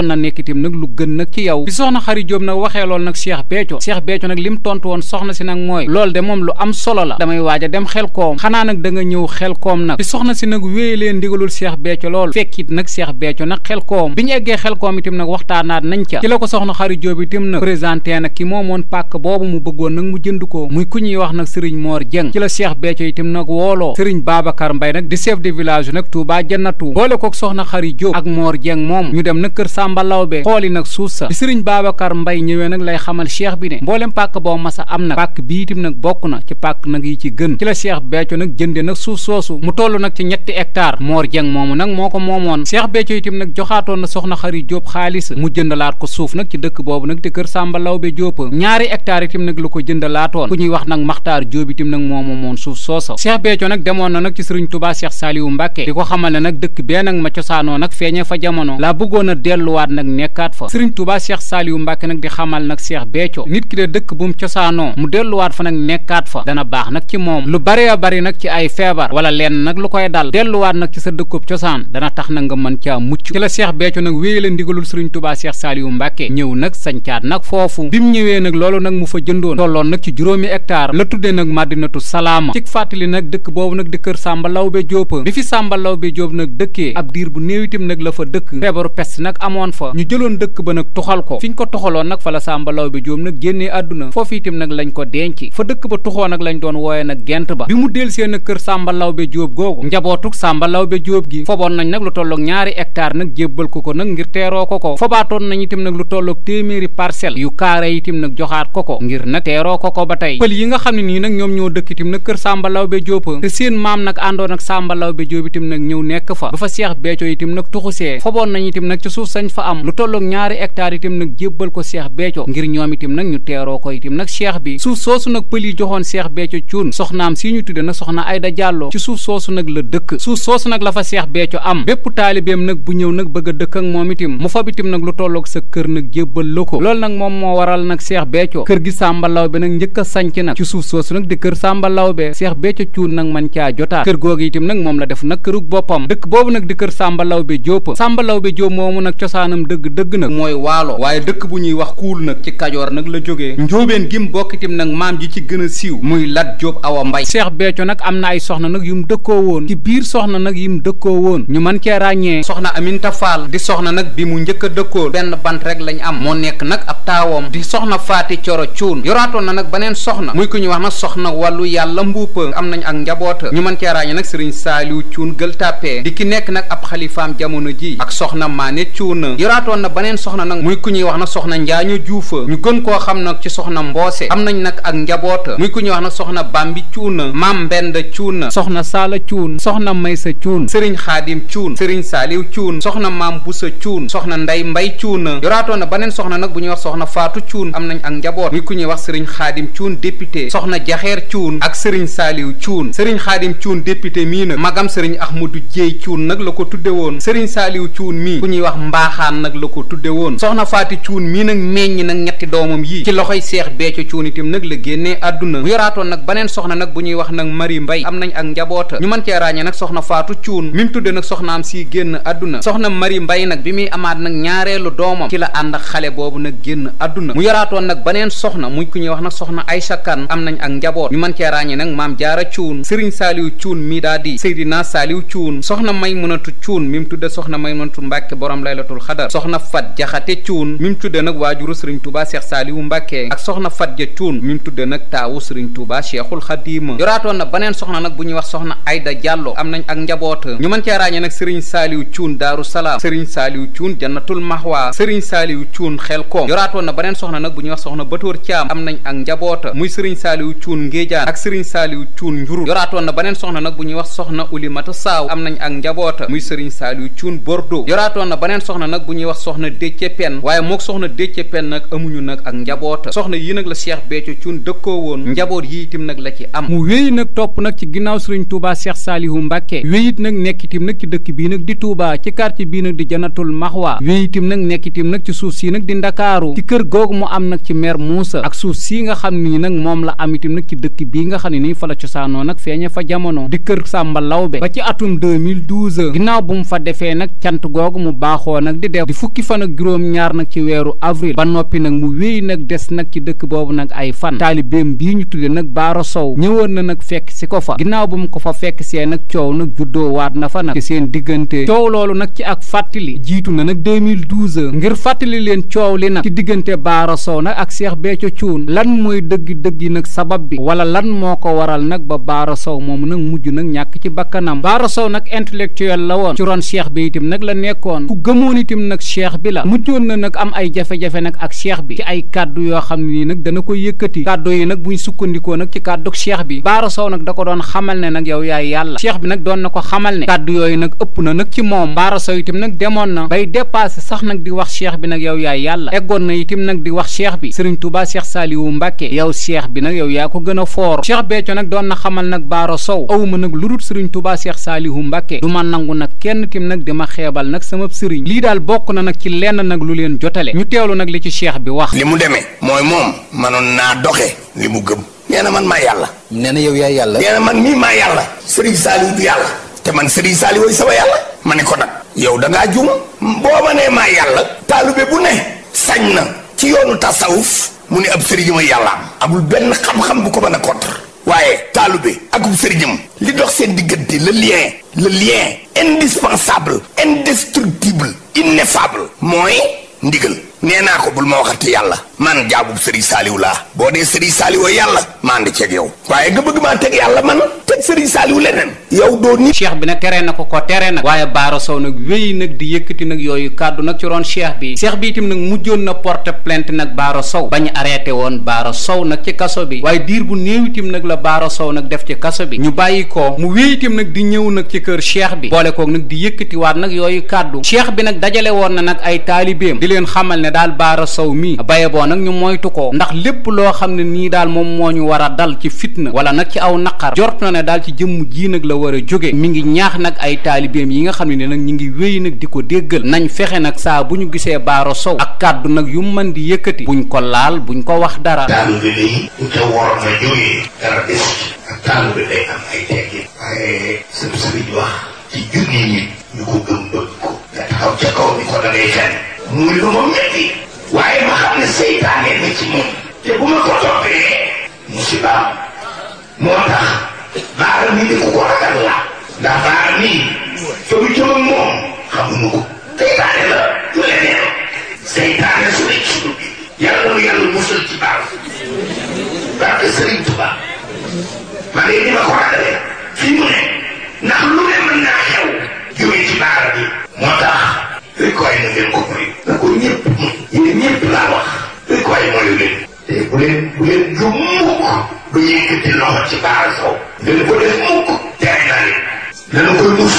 na nekkitim nag bi soxna xari jóob nag waxee lool nag cheikh Béthio cheikh Béthio nag lim tontu woon soxna si nag mooy loolu de moom lu am solo la damay waaj a dem xel koom xanaa nag da nga ñëw xel koom nag bi soxna si nag wéye leen ndigalul cheikh Béthio lool fekkit nag cheikh Béthio nag xel koom bi ñu eggee xel koom itam nag waxtaanaat nañ ca ci la ko soxna Xari Jóob itam nag présenté nag ki moomoon pàkk boobu mu bëggoon nag mu jënd ko muy ku ñuy wax nag Serigne Mor Dieng ci la Cheikh Béthio itam nag wooloo Serigne Babacar Mbaye nag di chef de village nag Touba Jannatu boole kook soxna Xari Jóob ak Mor Dieng moom ñu dem nag kër Samba Lawbe xooli nag suuf sa bi Serigne Babacar Mbaye ñëwee nag lay xamal cheikh bi ne mboolem pàkk boo masa am nag pàkk bi itam nag bokk na ci pàkk nag yi ci gën ci la Cheikh Béthio nag jënde nag suuf soosu mu toll nag ci ñetti hectare Mor Dieng moomu nag moo ko moomoon Cheikh jotee itam nag joxaatoon na soxna xari Jóob xaalis mu jëndalaat ko suuf nag ci dëkk boobu nag di kër Sàmba Lawbe Jóob ñaari hectare itam nag lu ko jëndalaatoon ku ñuy wax nag Maxtaar Jóob itam nag moo moomoon suuf sooso Cheikh Béthio nag demoon na nag ci Sëriñ Tuubaa Cheikh Saliou Mbàkke di ko xamal ne nag dëkk bee nag ma cosaanoo nag feeñee fa jamono laa bëggoon a delluwaat nag nekkaat fa Sëriñ Tuubaa Cheikh Saliou Mbàkke nag di xamal nag Cheikh Béthio nit ki de dëkk bu mu cosaanoo mu delluwaat fa nag nekkaat fa dana baax nag ci moom lu bare bari nag ci ay feebar wala lenn nag lu koy dal delluwaat nag ci sa dëkkub cosaan dana tax na nga mën caa mucc ci la Cheikh Béthio nag wéye la ndigalul Serigne Touba Cheikh Saliou Mbacké ñëw nag sañcaat nag foofu bi mu ñëwee nag loolu nag mu fa jëndoon tolloon nag ci juróomi hectare la tuddee nag Madinatu Salaama cig fàttali nag dëkk boobu nag di kër Samba Lawbe Diop bi fi Samba Lawbe Diop nag dëkkee ab diir bu néew itam nag la fa dëkk feebaru pest nag amoon fa ñu jëloon dëkk ba nag tuxal ko fi ñu ko tuxaloon nag fa la Samba Lawbe Diop nag génne àdduna foofu itam nag lañ ko denc fa dëkk ba tuxoo nag lañ doon wooye nag gent ba bi mu dellusee nag kër Samba Lawbe Diop googu njabootug Samba gi foboon nañ nag lu tolloog ñaari hectare ko ko nag ngir ko ko fobaatoon nañu itam nag lu tolloog téeméeri parcelle yu kaare itam nag joxaat ba tey pël yi nga xam ne nii nag ñoom ñoo dëkk itam nag kër Samba Lawbe Diop te seen maam nag àndoon ak Samba Lawbe Diop nag ñëw nekk fa ba fa Seex Béthio itam nag tuxusee foboon nañu itam nag ci suuf sañ fa am lu tolloog ñaari hectare itam nag jébbal ko Seex Béthio ngir ñoom itam nag ñu teeroo ko itam nag Seex bi suuf soosu nag pël yi joxoon Seex Béthio cuun soxnaam si ñu tudde nag soxna Ayda Jàlloo ci suuf soosu nag la dëkk suuf soosu nag la fa Seex Béthio nag bu ñëw nag bëgg a dëkk ak moom itim mu fab itim nag lu tolloog sa kër nag jébbal la ko lool nag moom moo waral nag Cheikh Béthio kër gi Samba Laobé nag njëkk a sanc nag ci suuf soosu nag di kër Samba Laobé Cheikh Béthio nag man caa jotaat kër googu itim nag moom la def nag kërug boppam dëkk boobu nag di kër Samba Laobé Diop Samba Laobé Diop moomu nag cosaanam dëgg-dëgg nag mooy waalo waaye dëkk bu ñuy wax kuul nag ci Kajoor nag la jógee njóobeen gim bokk itim nag maam ji ci gën a siiw muy Lat Diop Awa Mbay Cheikh Béthio nag am na ay soxna nag yu mu dëkkoo woon ci biir soxna nag yi mu dëkkoo woon soxna Aminta Fall nag bi mu njëkk a benn bant rek lañ am moo nekk nag ab taawam di soxna faati coro cuun yoraatoon na nag beneen soxna muy ku ñu wax nag soxna wàllu yàlla mbuupa am nañ ak njaboota ñu mën cee ràññee nag sëriñ saaliw cuun gël tàppee di ki nekk nag ab xalifaam jamono ji ak soxna maane cuuna yoraatoon na beneen soxna nag muy ñuy wax nag soxna njaañu juufa ñu gën koo xam na ci soxna mboose am nañ nag ak njaboota muy ku ñuy wax nag soxna bambi cuuna maam mbend cuuna soxna saala cuun soxna maysa cuun sëriñ xaadim cuun sëriñ saaliw cuun soxna maam busa cuun soxna nday mbay cuun yoraatoon na baneen soxna nag bu ñuy wax soxna faatu cuun am nañ ak njaboot mi ku ñuy wax sëriñ xaadim cuun député soxna jaxeer cuun ak sëriñ saaliw cuun sëriñ xaadim cuun député mii nag magam sëriñ ahmadu jéey cuun nag la ko tudde woon sëriñ saaliw cuun mii ku ñuy wax mbaaxaan nag la ko tudde woon soxna faati cuun mii nag meññ nag ñetti doomam yii ci loxoy seex beeco cuun itam nag la génnee àdduna mu yoraatoon nag baneen soxna nag bu ñuy wax nag mari mbay am nañ ak njaboota ñu mën cee ràññee nag soxna faatu cuun mi mu tudde nag soxnaam si génn àdduna àdduna soxna Mari Mbay nag bi muy amaat nag ñaareelu doomam ci la ànd ak xale boobu nag génn àdduna mu yoraatoon nag baneen soxna muy ku ñuy wax nag soxna Aysa Kan am nañ ak njaboot ñu mën cee ràññee nag maam jaara cuun sëriñ saaliw cuun mii daa di Seydina saaliw cuun soxna may munatu cuun mi mu tudde soxna may munatu mbàkke borom laylatul xadar soxna fat jaxate cuun mi mu tudde nag waajuru sëriñ Touba Seex saaliwu mbàkke ak soxna fat ja cuun mi mu tudde nag taawu sëriñ Touba Seexul Xadiima yoraatoon na baneen soxna nag bu ñuy wax soxna Ayda Jàllo am nañ ak njaboot ñu mën cee ràññee nag sëriñ saaliw cuun cuun daaru salaam sëriñ saaliw cuun jannatul mahwa sëriñ saaliw cuun xel koom yoraatoon na beneen soxna nag bu ñuy wax soxna batoor caam am nañ ak njaboota muy sëriñ saaliw cuun ngéejaan ak sëriñ saaliw cuun njurul yoraatoon na beneen soxna nag bu ñuy wax soxna ulimata saaw am nañ ak njaboota muy sëriñ saaliw cuun bordeaux yoraatoon na beneen soxna nag bu ñuy wax soxna décce pen waaye mook soxna décce pen nag amuñu nag ak njaboota soxna yi nag la cheikh béthio cuun dëkkoo woon njaboot yi itam nag la ci am mu wéy nag topp nag ci ginnaaw sëriñ touba cheikh saalihu mbàkke wéyit nag nekk itam nag ci dëkk bii nag di touba ci quartier bii nag di janatul maxwa yooyu itam nag nekk nag ci suuf sii nag di ndakaaru ci kër googu mu am nag ci maire Moussa ak suuf sii nga xam ne ni nag moom la am nag ci dëkk bii nga xam ne nii fa la cosaanoo nag feeñe fa jamono di kër sàmba Lawbe ba ci atum 2012 ginnaaw bu mu fa defee nag cant googu mu baaxoo nag di def di fukki fan ak juróom-ñaar nag ci weeru avril ba noppi nag mu wéy nag des nag ci dëkk boobu nag ay fan taalibeem bii ñu tudde nag Baara Sow ñëwoon na nag fekk si ko fa bu mu ko fa fekk see nag coow nag juddoo na fa nag seen diggante loolu nag ci ak fàttali jiitu na nag 2012 ngir fàttali leen coow li nag ci diggante Baara Sow nag ak Cheikh Béthio Thioune lan mooy dëgg-dëgg nag sabab bi wala lan moo ko waral nag ba Baara Sow moom nag mujj nag ñàkk ci bakkanam Baara Sow nag intellectuel la woon ci ron Cheikh bi itam nag la nekkoon ku gëmoon itam nag Cheikh bi la mujjoon na nag am ay jafe-jafe nag ak Cheikh bi ci ay kàddu yoo xam ne nag dana ko yëkkati kàddu yi nag buñ sukkandikoo nag ci kàddu Cheikh bi Baara Sow mbaara sow nag demoon na bay dépassé sax nag di wax cheikh bi nag yow yaay yàlla eggoon na itam nag di wax cheikh bi sëriñ Touba Cheikh Saliou Mbacke yow cheikh bi nag yow yaa ko gën a foor cheikh Béthio nag doon na xamal nag baara sow awma nag lu dul sëriñ Touba seex Saliou Mbacke du ma nangu nag kenn tim nag di xeebal nag sama sëriñ lii daal bokk na nag ci lenn nag lu leen jotale ñu teewlu nag li ci seex bi wax. li mu demee mooy moom mënoon naa do mu gëm. nee man maa yàlla. nee na yow yaay yàlla. ma ne ko nag yow da ngaa jum ma nee maa yàlla taalibe bu ne sañ na ci yoonu tasawuf mu ne ab sëriñam yàllaam amul benn xam-xam bu ko mën a contre waaye taalibe akub sëriñam li dox seen diggante le lien le lien indispensable indestructible ineffable mooy ndigal nee naa ko bul ma waxati yàlla man jaabub sëriñ saaliw laa boo dee sëriñ saaliw yàlla maa ndi yow waaye nga bëgg maa teg yàlla man teg sëriñ saaliw leneen yow doo ni cheikh bi nag tere na ko ko tere nag waaye baaro sow nag wéy nag di yëkkati nag yooyu kàddu nag ci roon cheikh bi cheikh bi itam nag mujjoon na porte plainte nag baaro sow bañ arrêté woon baara sow nag ci kaso bi waaye diir bu néew itam nag la baara sow nag def ci kaso bi ñu bàyyi ko mu wéy itam nag di ñëw nag ci kër cheikh bi boole koog nag di yëkkatiwaat yooyu kàddu ne daal baara sow mii bayeboo nag ñu moytu ko ndax lépp loo xam ne nii daal moom moo ñu war a dal ci fitna wala nag ci aw naqar jort na ne daal ci jëmm ji nag la war a jóge mi ngi ñaax nag ay taalibeem yi nga xam ne nag ngi wéy nag di ko déggal nañ fexe nag saa bu ñu gisee baara sow ak kàddu yu mën di yëkkati buñ ko laal buñ ko wax dara nit ñu ko gëm bëgg ko nga taxaw ca kaw ni ko da ngay mu ni ko ma métti waaye ma xam ne seytaane ni ci moom te bu ma ko toppee musiba moo tax baara mi ni ku ko ragal la ndax baara mi fa mu jëm ak moom xamuñu ko seytaane la du leneen seytaane su nekk ci dugub yàlla lu yàlla musal ci baara barke Sëriñ Tuba ma ne ni ma ko ragalee fi mu ne ndax lu ne mën naa xew jóge ci baara bi moo tax rikwaay na ngeen ko moy na ko ñëpp yéen ñëpp laa wax rikwaay moyu leen te bu leen bu leen ju mukk ba yëkkati loxo ci baara sow leen ko def mukk jaay naa leen dana koy uuf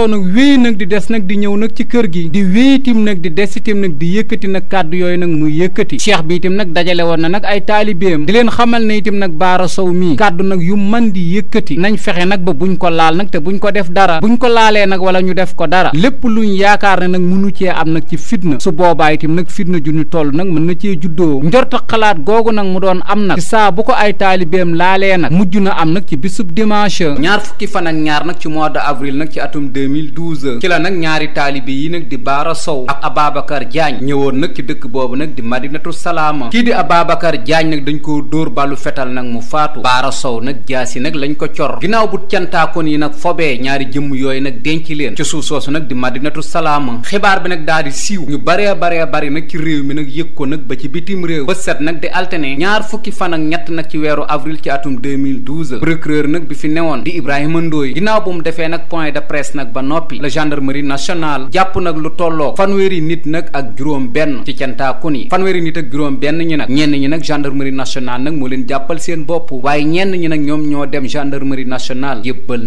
lu nag wéy nag di des nag di ñëw nag ci kër gi di wéyitim nag di des itim nag di yëkkati nag kàddu yooyu nag muy yëkkati cheikh bi itam nag dajale woon na nag ay taalibeem di leen xamal ne itam nag Baara Sow mii kàddu nag yu man di yëkkati nañ fexe nag ba buñ ko laal nag te buñ ko def dara buñ ko laalee nag wala ñu def ko dara lépp luñ yaakaar ne nag mënu cee am nag ci fitna su boobaa itam nag fitna ju ñu toll nag mën na cee juddoo njor xalaat googu nag mu doon am nag ci ko ay taalibeem laalee nag mujj na am nag ci bisub dimanche ñaar fukki fan ak ñaar nag ci mois de avril nag ci atum 2012 ci la nag ñaari taalibe yi nag di Baara Sow ak Ababacar jaañ ñëwoon nag ci dëkk boobu nag di Madinatu Salaama kii di Ababacar jaañ nag dañ ko dóor balu fetal nag mu faatu Baara Sow nag jaasi nag lañ ko cor ginnaaw bu cantaakoon yi nag fobee ñaari jëmm yooyu nag denc leen ci suuf soosu nag di Madinatu Salaama xibaar bi nag daal di siiw ñu baree baree bari nag ci réew mi nag yëg ko nag ba ci bitim réew ba set nag di altine ñaar fukki fan ñett nag ci weeru avril ci atum 2012 procureur nag bi fi newoon di Ibrahima Ndoye ginnaaw bu mu defee nag point de presse nag ba noppi la gendarmerie nationale jàpp nag lu tolloo fanweeri nit nag ak juróom benn ci cantaakun yi fanweeri nit ñi nag ñenn ñi nag gendarmerie nationale nag moo leen jàppal seen bopp waaye ñenn ñi nag ñoom ñoo dem gendarmerie nationale yëbbal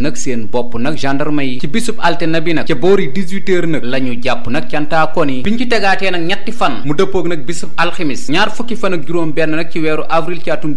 bopp nag gendarme yi ci bi nag ca la ñu jàpp nag cantaakun yi biñ ci tegaatee nag ñetti fan mu dëppoog nag bisub alximis ñaar fukki fan ak juróom benn nag ci weeru avril ci atum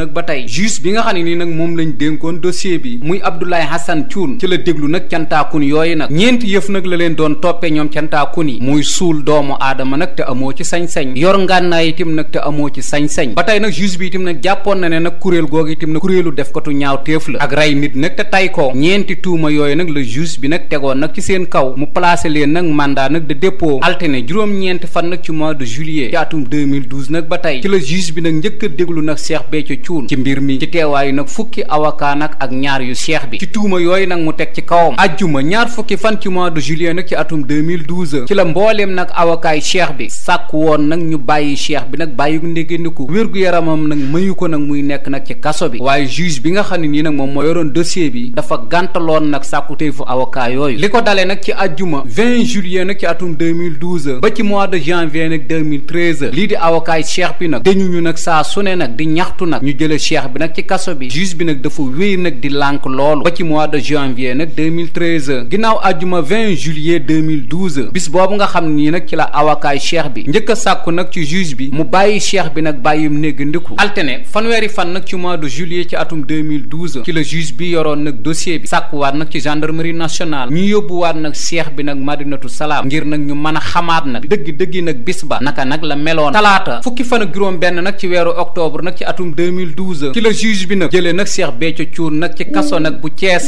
nag ba tey juge bi nga xam ne nii nag moom lañ dénkoon dossier bi muy Abdoulaye Hassan Assane Thioune ci la déglu nag cantaakun yooyu nag ñeenti yëf nag la leen doon toppee ñoom cantaakun ni muy suul doomu aadama nag te amoo ci sañ-sañ yor ngànnaay itam nag amoo ci sañ-sañ ba tey nag juge bi nag jàppoon na ne nag kuréel googu itam nag kuréelu def ko tu ñaaw téef la ak rey nag te tay ñeenti tuuma yooyu nag la juge bi nag tegoon nag ci seen kaw mu placé leen nag mandat nag de altine juróom-ñeenti fan nag ci mois de juillet ci atum 2012 nag ba tey ci la juge bi nag njëkk a déglu nag Cheikh Béthio Thioune ci mbir mi ci teewaayu nag fukki awakaanag ak ñaar yu cheikh bi ci tuuma tuuma yooyu nag mu teg ci kawam ajjuma ñaar fukki fan ci mois de juillet nag ci atum 2012 ci la mbooleem nag awakaay cheikh bi sàkk woon nag ñu bàyyi cheikh bi nag bàyyi ndégéndiku wér-gu-yaramam nag mayu ko nag muy nekk nag ci kaso bi waaye juge bi nga xam ne nii nag moom moo yoroon dossier bi dafa gàntaloon nag sàkkuteefu avocat yooyu li ko dalee nag ci ajjuma 20 juillet nag ci atum 2012 ba ci mois de janvier nag 2013 lii di avocat cheikh bi nag dañuñu nag saa sune nag di ñaxtu nag ñu jëlee cheikh bi nag ci kaso bi juge bi nag dafa wéy nag di lànk loolu ba ci mois mois de janvier nag 2013 ginnaaw ajjuma 20 juillet 2012 bis boobu nga xam nii nag ci la awakaay cheikh bi njëkk a sàkku nag ci juge bi mu bàyyi cheikh bi nag bàyyim négg ndiku altene fanweeri fan nag ci mois de juillet ci atum 2012 ci la juge bi yoroon nag dossier bi sàkkuwaat nag ci gendarmerie nationale ñu yóbbuwaat nag cheikh bi nag madinatu salaam ngir nag ñu mën a xamaat nag dëgg dëgg nag bis ba naka nag la meloon talaata fukki fan ak juróom benn nag ci weeru octobre nag ci atum 2012 ci la bi nag jëlee nag cheikh Béthio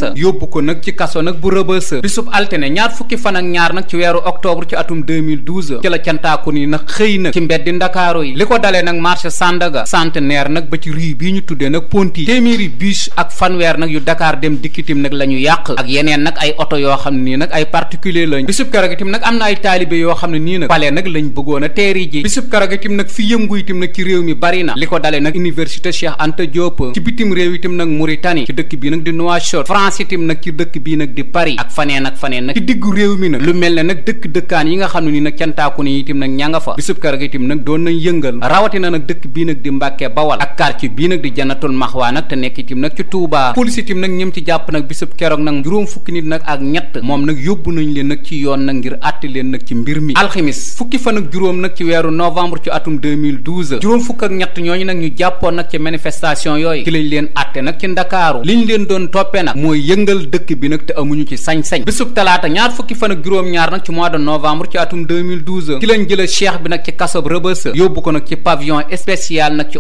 sa yóbbu ko nag ci kaso nag bu rëbës bisub altine ñaar fukki fan ak ñaar nag ci weeru octobre ci atum 2012 ci la cantaakun yi nag xëy nag ci mbeddi ndakaaru yi li ko dalee nag marché Sandaga centenaire nag ba ci rue bii ñu tuddee nag ponti téeméeri bus ak fanweer nag yu Dakar dem dikkitim nag la ñu yàq ak yeneen nag ay oto yoo xam ne nii nag ay particulier lañ bisub keroog itam nag am na ay taalibe yoo xam ne nii nag pale nag lañ bëggoon a teeri ji bisub keroog itam nag fi yëngu itam nag ci réew mi bari na li ko dalee nag université Cheikh Anta Diop ci bitim réew itam nag Mauritanie ci dëkk bi nag di Nouakchott France commencé tim nag ci dëkk bii nag di Paris ak faneen ak faneen nag diggu réew mi nag lu mel ne nag dëkk dëkkaan nga xam ne ni nag cantaaku ni itim nag ña nga fa bisub keroog itim nag doon rawatina nag dëkk bii nag di Mbàkke Bawal ak quartier bii nag di Jannatul Maxwaa nag te nekk itim nag ci Touba police itim nag ñim ci jàpp nag bisub keroog nag juróom fukki nit nag ak ñett moom nag yóbbu nañ leen nag ci yoon nag ngir àtte leen nag ci mbir mi alxamis fukki fa ak juróom nag ci weeru novembre ci atum 2012 juróom fukk ak ñett ñooñu nag ñu jàppoon nag ci manifestation yooyu ci lañ leen àtte nag ci Ndakaaru liñ leen doon toppee nag mooy yëngal dëkk bi nag te amuñu ci sañ-sañ bésub talaata ñaar fukki fan ak juróom-ñaar nag ci mois de novembre ci atum 2012 ci lañ jëlee ci kasob rëbës nag ci pavillon spécial nag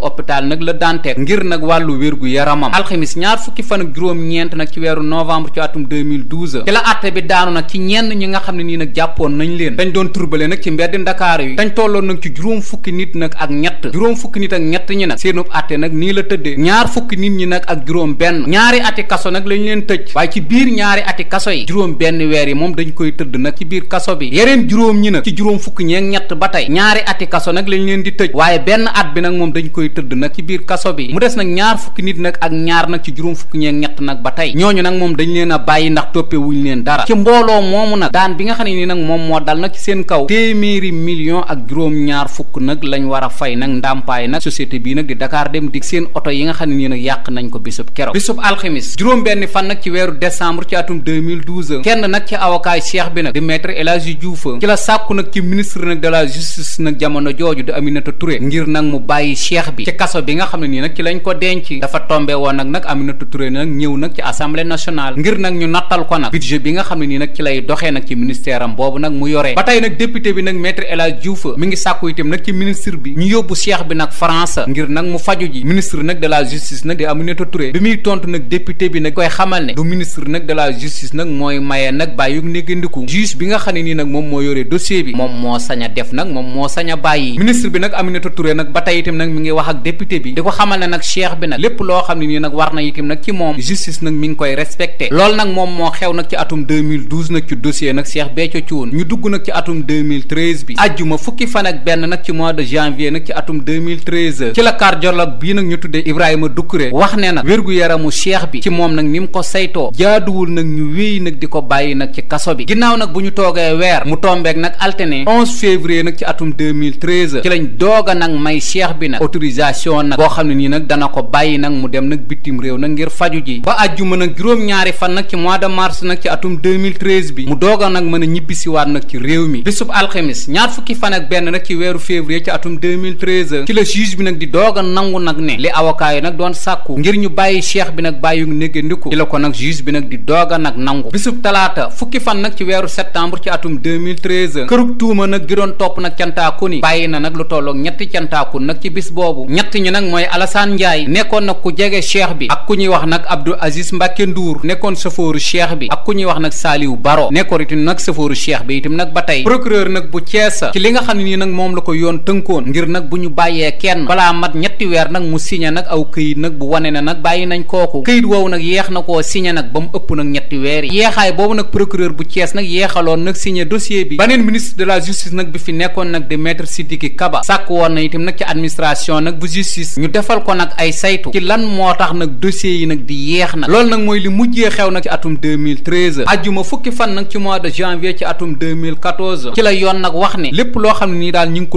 nag la Dantec ngir nag wàllu wérgu ñaar fukki fan ak juróom-ñeent nag ci weeru novembre ci atum 2012 ci la àtte bi daanu nag ci ñenn ñi nga xam ne nii nag jàppoon nañ leen dañ doon turbale nag ci mbedd Ndakaar yi dañ tolloon nag ci juróom fukki nit nag ak ñett juróom fukki nit ak ñett ñi nag seenub àtte nag nii la tëddee ñaar fukki nit ñi nag ak juróom benn ñaari ati kaso nag lañ leen tëj tëj waaye ci biir ñaari ati kaso yi juróom benn weer yi moom dañ koy tëdd nag ci biir kaso bi yeneen juróom ñi nag ci juróom fukk ñeeg ñett ba tey ñaari ati kaso nag lañ leen di tëj waaye benn at bi nag moom dañ koy tëdd nag ci biir kaso bi mu des nag ñaar fukki nit nag ak ñaar nag ci fukk ñeeg ñett nag ba tey ñooñu nag moom dañ leen a bàyyi ndax toppee wuñ leen dara ci mbooloo moomu nag daan bi nga xam ne ni nag moom moo dal nag ci seen kaw téeméeri million ak juróom ñaar fukk nag lañ war a fay nag ndàmpaay nag société bii nag di dakaar dem di seen oto yi nga xam ne nii nag yàq nañ ko bisub keroog bisub alxamis juróom nag ci weeru décembre ci atum kenn nag ci avocat cheikh bi nag di maître El Hadji Diouf la sàkku nag ci ministre jooju di Aminata Touré ngir nag mu bàyyi cheikh bi ci kaso bi nga xam ne nii nag ci lañ ko denc dafa tombé woon nag nag Aminata Touré nag ñëw nag ci assemblée nationale ngir nag ñu nattal ko nag bi nga xam ne nii nag ci lay doxee nag ci ministère am boobu mu yoree ba tey bi nag maître El Hadji Diouf mi ngi sàkku itam nag ci ministre bi ñu yóbbu cheikh bi nag France ngir nag mu faju ji ministre nag de la justice di Aminata Touré bi muy tontu nag député bi nag koy xamal ne du ministre nag de la justice nag mooy maye nag bàyyi néggandiku juge bi nga xam ne nii nag moom moo yore dossier bi moom moo sañ a def nag moom moo sañ a bàyyi ministre bi nag Aminata Touré nag ba tey itam nag mi ngi wax ak député bi di ko xamal ne nag cheikh bi nag lépp loo xam ne nii nag war na itam nag ci moom justice nag mi ngi koy respecté loolu nag moom moo xew nag ci atum 2012 nag ci dossier nag Cheikh Béthio Thioune ñu dugg nag ci atum 2013 bi ajjuma fukki fan ak benn nag ci mois de janvier nag ci atum 2013 ci la bii nag ñu tuddee Ibrahima Doucouré wax ne nag wérgu yaramu cheikh bi ci moom nag ni ko saytoo jaaduwul nag ñu wéy nag di ko bàyyi nag ci kaso bi ginnaaw nag bu ñu toogee weer mu tombeek nag altine 11 février nag ci atum 2013 ci lañ doog a nag may cheikh bi nag autorisation nag boo xam ne nii nag dana ko bàyyi nag mu dem nag bitim réew nag ngir faju ji ba àjjuma nag juróom-ñaari fan nag ci mois de mars nag ci atum 2013 bi mu doog a nag mën a ñibbisiwaat nag ci réew mi bisub alxemis ñaar fukki fan ak benn nag ci weeru février ci atum 2013 ci la juge bi nag di doog a nangu nag ne li avocat yi nag doon sàkku ngir ñu bàyyi cheikh bi nag bàyyi néggandiku ci la ko nag juge bi nag di dooga nag nangu bisub talaata fukki fan nag ci weeru septembre ci atum 2013 kërug tuuma nag gi doon topp nag cantaaku ni bàyyi na nag lu tolloog ñetti cantaakun nag ci bis boobu ñett ñi nag mooy Alassane Ndiaye nekkoon nag ku jege cheikh bi ak ku ñuy wax nag Abdou Aziz Mbacke Ndour nekkoon sofooru cheikh bi ak ku ñuy wax nag Saliou Baro nekkoon itam nag sofooru cheikh bi itam nag ba tey procureur nag bu Thiès ci li nga xam ne nii nag moom la ko yoon tënkoon ngir nag bu ñu bàyyee kenn balaa mat ñetti weer nag mu signé nag aw këyit nag bu wane ne nag bàyyi nañ kooku këyit woowu nag yeex na koo signé nag ba mu ëpp nag ñetti weer yi yeexaay boobu nag procureur bu Thiès nag yeexaloon nag signé dossier bi baneen ministre de la justice nag bi fi nekkoon nag di maître Sidiki Kaba sàkk woon na itam nag ci administration nag bu justice ñu defal ko nag ay saytu ci lan moo tax nag dossier yi nag di yeex nag loolu nag mooy li mujjee xew nag ci atum 2013 ajjuma fukki fan nag ci mois de janvier ci atum ci la yoon nag wax ne lépp loo xam ne nii daal ñu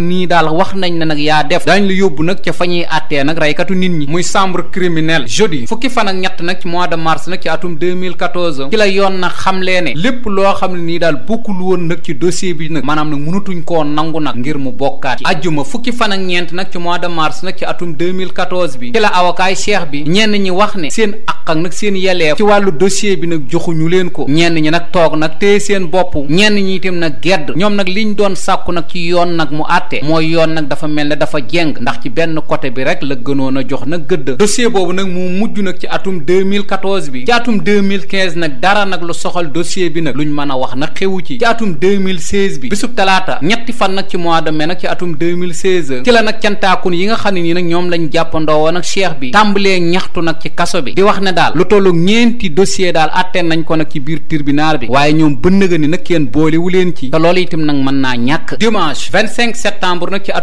ngi ko wax nañ ne nag yaa def daañ la yóbbu nag ca fa ñuy àttee nag reykatu nit ñi muy chambre criminelle jeudi fukki fan ak ñett nag ci mois de mars nag ci atum 2014 ci la yoon nag xamlee ne lépp loo xam ne nii daal bokkul woon nag ci dossier bi nag maanaam nag mënatuñ koo nangu nag ngir mu bokkaat ci ajjuma fukki fan ak ñeent nag ci mois de mars nag ci atum 2014 bi ci la awakaay cheikh bi ñenn ñi wax ne seen ak nag seen yeleef ci wàllu dossier bi nag joxuñu leen ko ñenn ñi nag toog nag te seen bopp ñenn ñi itam nag gedd ñoom nag liñ doon sàkku nag ci yoon nag mu àtte mooy yoon nag dafa mel ne dafa jeng ndax ci benn côté bi rek la gënoon a jox nag gëdd dossier boobu nag mu mujj nag ci atum 2014 bi ci atum 2015 nag dara nag lu soxal dossier bi nag luñ mën a wax nag xewu ci ci atum 2016 bi bisub talaata ñetti fan nag ci mois de mai nag ci atum 2016 ci la nag cantaakun yi nga xam ne nii nag ñoom lañ jàppandoo woon ak cheikh bi tàmbalee ñaxtu nag ci kaso bi di wax ne daal lu tollu ñeenti dossier daal àtteen nañ ko nag ci biir tribunal bi waaye ñoom bënn nga ni nag kenn boolewu leen ci te loolu itam nag mën naa ñàkk dimanche 25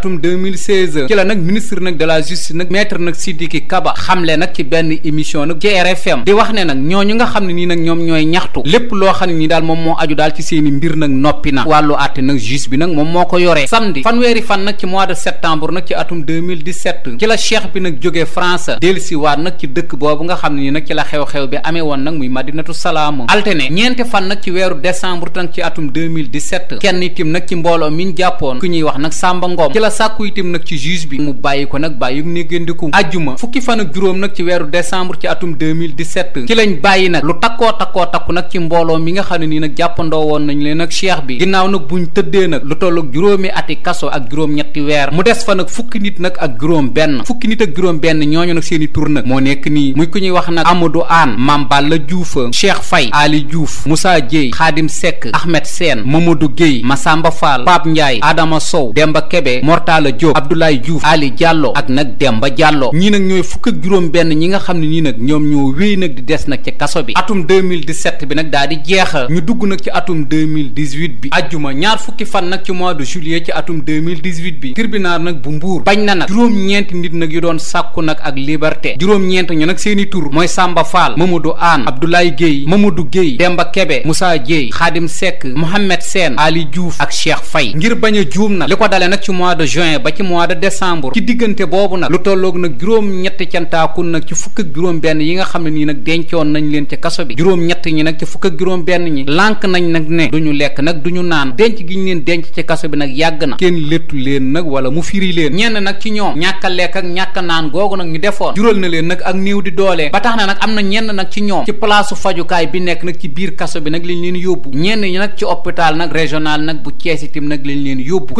atum 2016 ci la nag ministre nag de la justice nag maître nag Sidiki Kaba xamle nag ci benn émission nag ci RFM di wax ne nag ñooñu nga xam ne nii nag ñoom ñooy ñaxtu lépp loo xam ne nii daal moom moo aju daal ci seeni mbir nag noppi na wàllu àtte nag juge bi nag moom moo ko yoree samedi fanweeri fan nag ci mois de septembre nag ci atum 2017 ci la cheikh bi nag jógee France dellusiwaat nag ci dëkk boobu nga xam ne nii nag ci la xew-xew bi amee woon nag muy madinatu salaam altene ñeenti fan nag ci weeru décembre nag ci atum 2017 kenn itim nag ci mbooloo mi ñu jàppoon ku ñuy wax nag sàkku itam nag ci juge bi mu bàyyi ko nag bàyyi ne géndiku àjjuma fukki fan ak juróom nag ci weeru décembre ci atum 2017 ci lañ bàyyi nag lu takkoo takkoo takku nag ci mbooloo mi nga xam ne nii nag jàppandoo woon nañ leen nag cheikh bi ginnaaw nag buñ tëddee nag lu toll ak juróomi ati kaso ak juróom-ñetti weer mu des fa nag fukki nit nag ak juróom benn fukki nit ak juróom benn ñooñu nag seen i tur nag moo nekk nii mu ku ñuy wax nag Amadou Anne Mame Balla Diouf Cheikh Faye Ali Diouf Moussa Dieye Khadim Seck Ahmed Sène Mamadou Gueye Massamba Fall Pape Ndiaye Adama Sow Demba Kebe Mortala Diop Abdoulaye Diouf Ali Diallo ak nag Demba Diallo ñii nag ñooy fukk ak juróom benn ñi nga xam ne nii nag ñoom ñoo wéy nag di des nag ci kaso bi atum 2017 bi nag daal di jeexa ñu dugg nag ci atum 2018 bi ajjuma ñaar fukki fan nag ci mois de juillet ci atum 2018 bi tribunal nag bu mbuur bañ na nag juróom ñeenti nit nag yu doon sàkku nag ak liberté juróom-ñeent ñu nag seeni tur mooy Samba Fall Mamadou Anne Abdoulaye Guèye Mamadou Guèye ma Kebe Moussa Dieye Khadim Seck Mohamed Sène Ali Diouf ak Cheikh Faye ngir bañ a juum nag li ko dalee nag ci mois de juin ba ci mois de décembre ci diggante boobu nag lu tolloog nag juróom ñett cantaakun nag ci fukk ak juróom-benn yi nga xam ne nii nag dencoon nañ leen ci kaso bi juróom-ñett ñi nag fukk ak benn ñi lànk nañ nag ne duñu lekk nag duñu naan denc gi ñu leen denc ci kaso bi nag yàgg na kenn léttu leen nag wala mu firi leen ñenn nag ci ñoom ñàkk lekk ak ñàkk a naan googu nag ñu defoon jural na leen nag ak néew di doolee ba tax na nag am na ñenn nag ci ñoom ci place fajukaay bi nekk nag ci biir kaso bi nag lañ leen yóbbu ñenn ñi nag ci hôpital nag régional nag bu Cees itam nag lañ leen yóbbu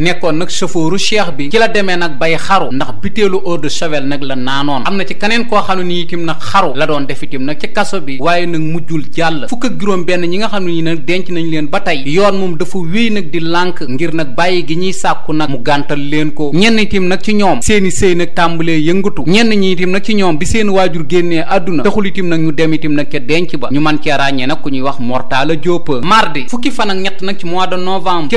nekkoon nag chauffeuru cheikh bi ci la demee nag bay xaru ndax butéelu eau de nag la naanoon am na ci keneen koo xam ne nii itam nag xaru la doon def itam nag ci kaso bi waaye nag mujjul jàll fukk juróom benn ñi nga xam ne nii nag denc nañ leen ba tey yoon moom dafa wéy nag di lank ngir nag bàyyi gi ñuy sàkku nag mu gàntal leen ko ñenn itam nag ci ñoom seeni sëy nag tàmbalee yëngatu ñenn ñi itam nag ci ñoom bi seen waajur génnee àdduna taxul itam nag ñu dem itim nag ca denc ba ñu man cee ràññee nag ku ñuy wax Mortala Diop mardi fukki fan ak ñett nag ci mois de novembre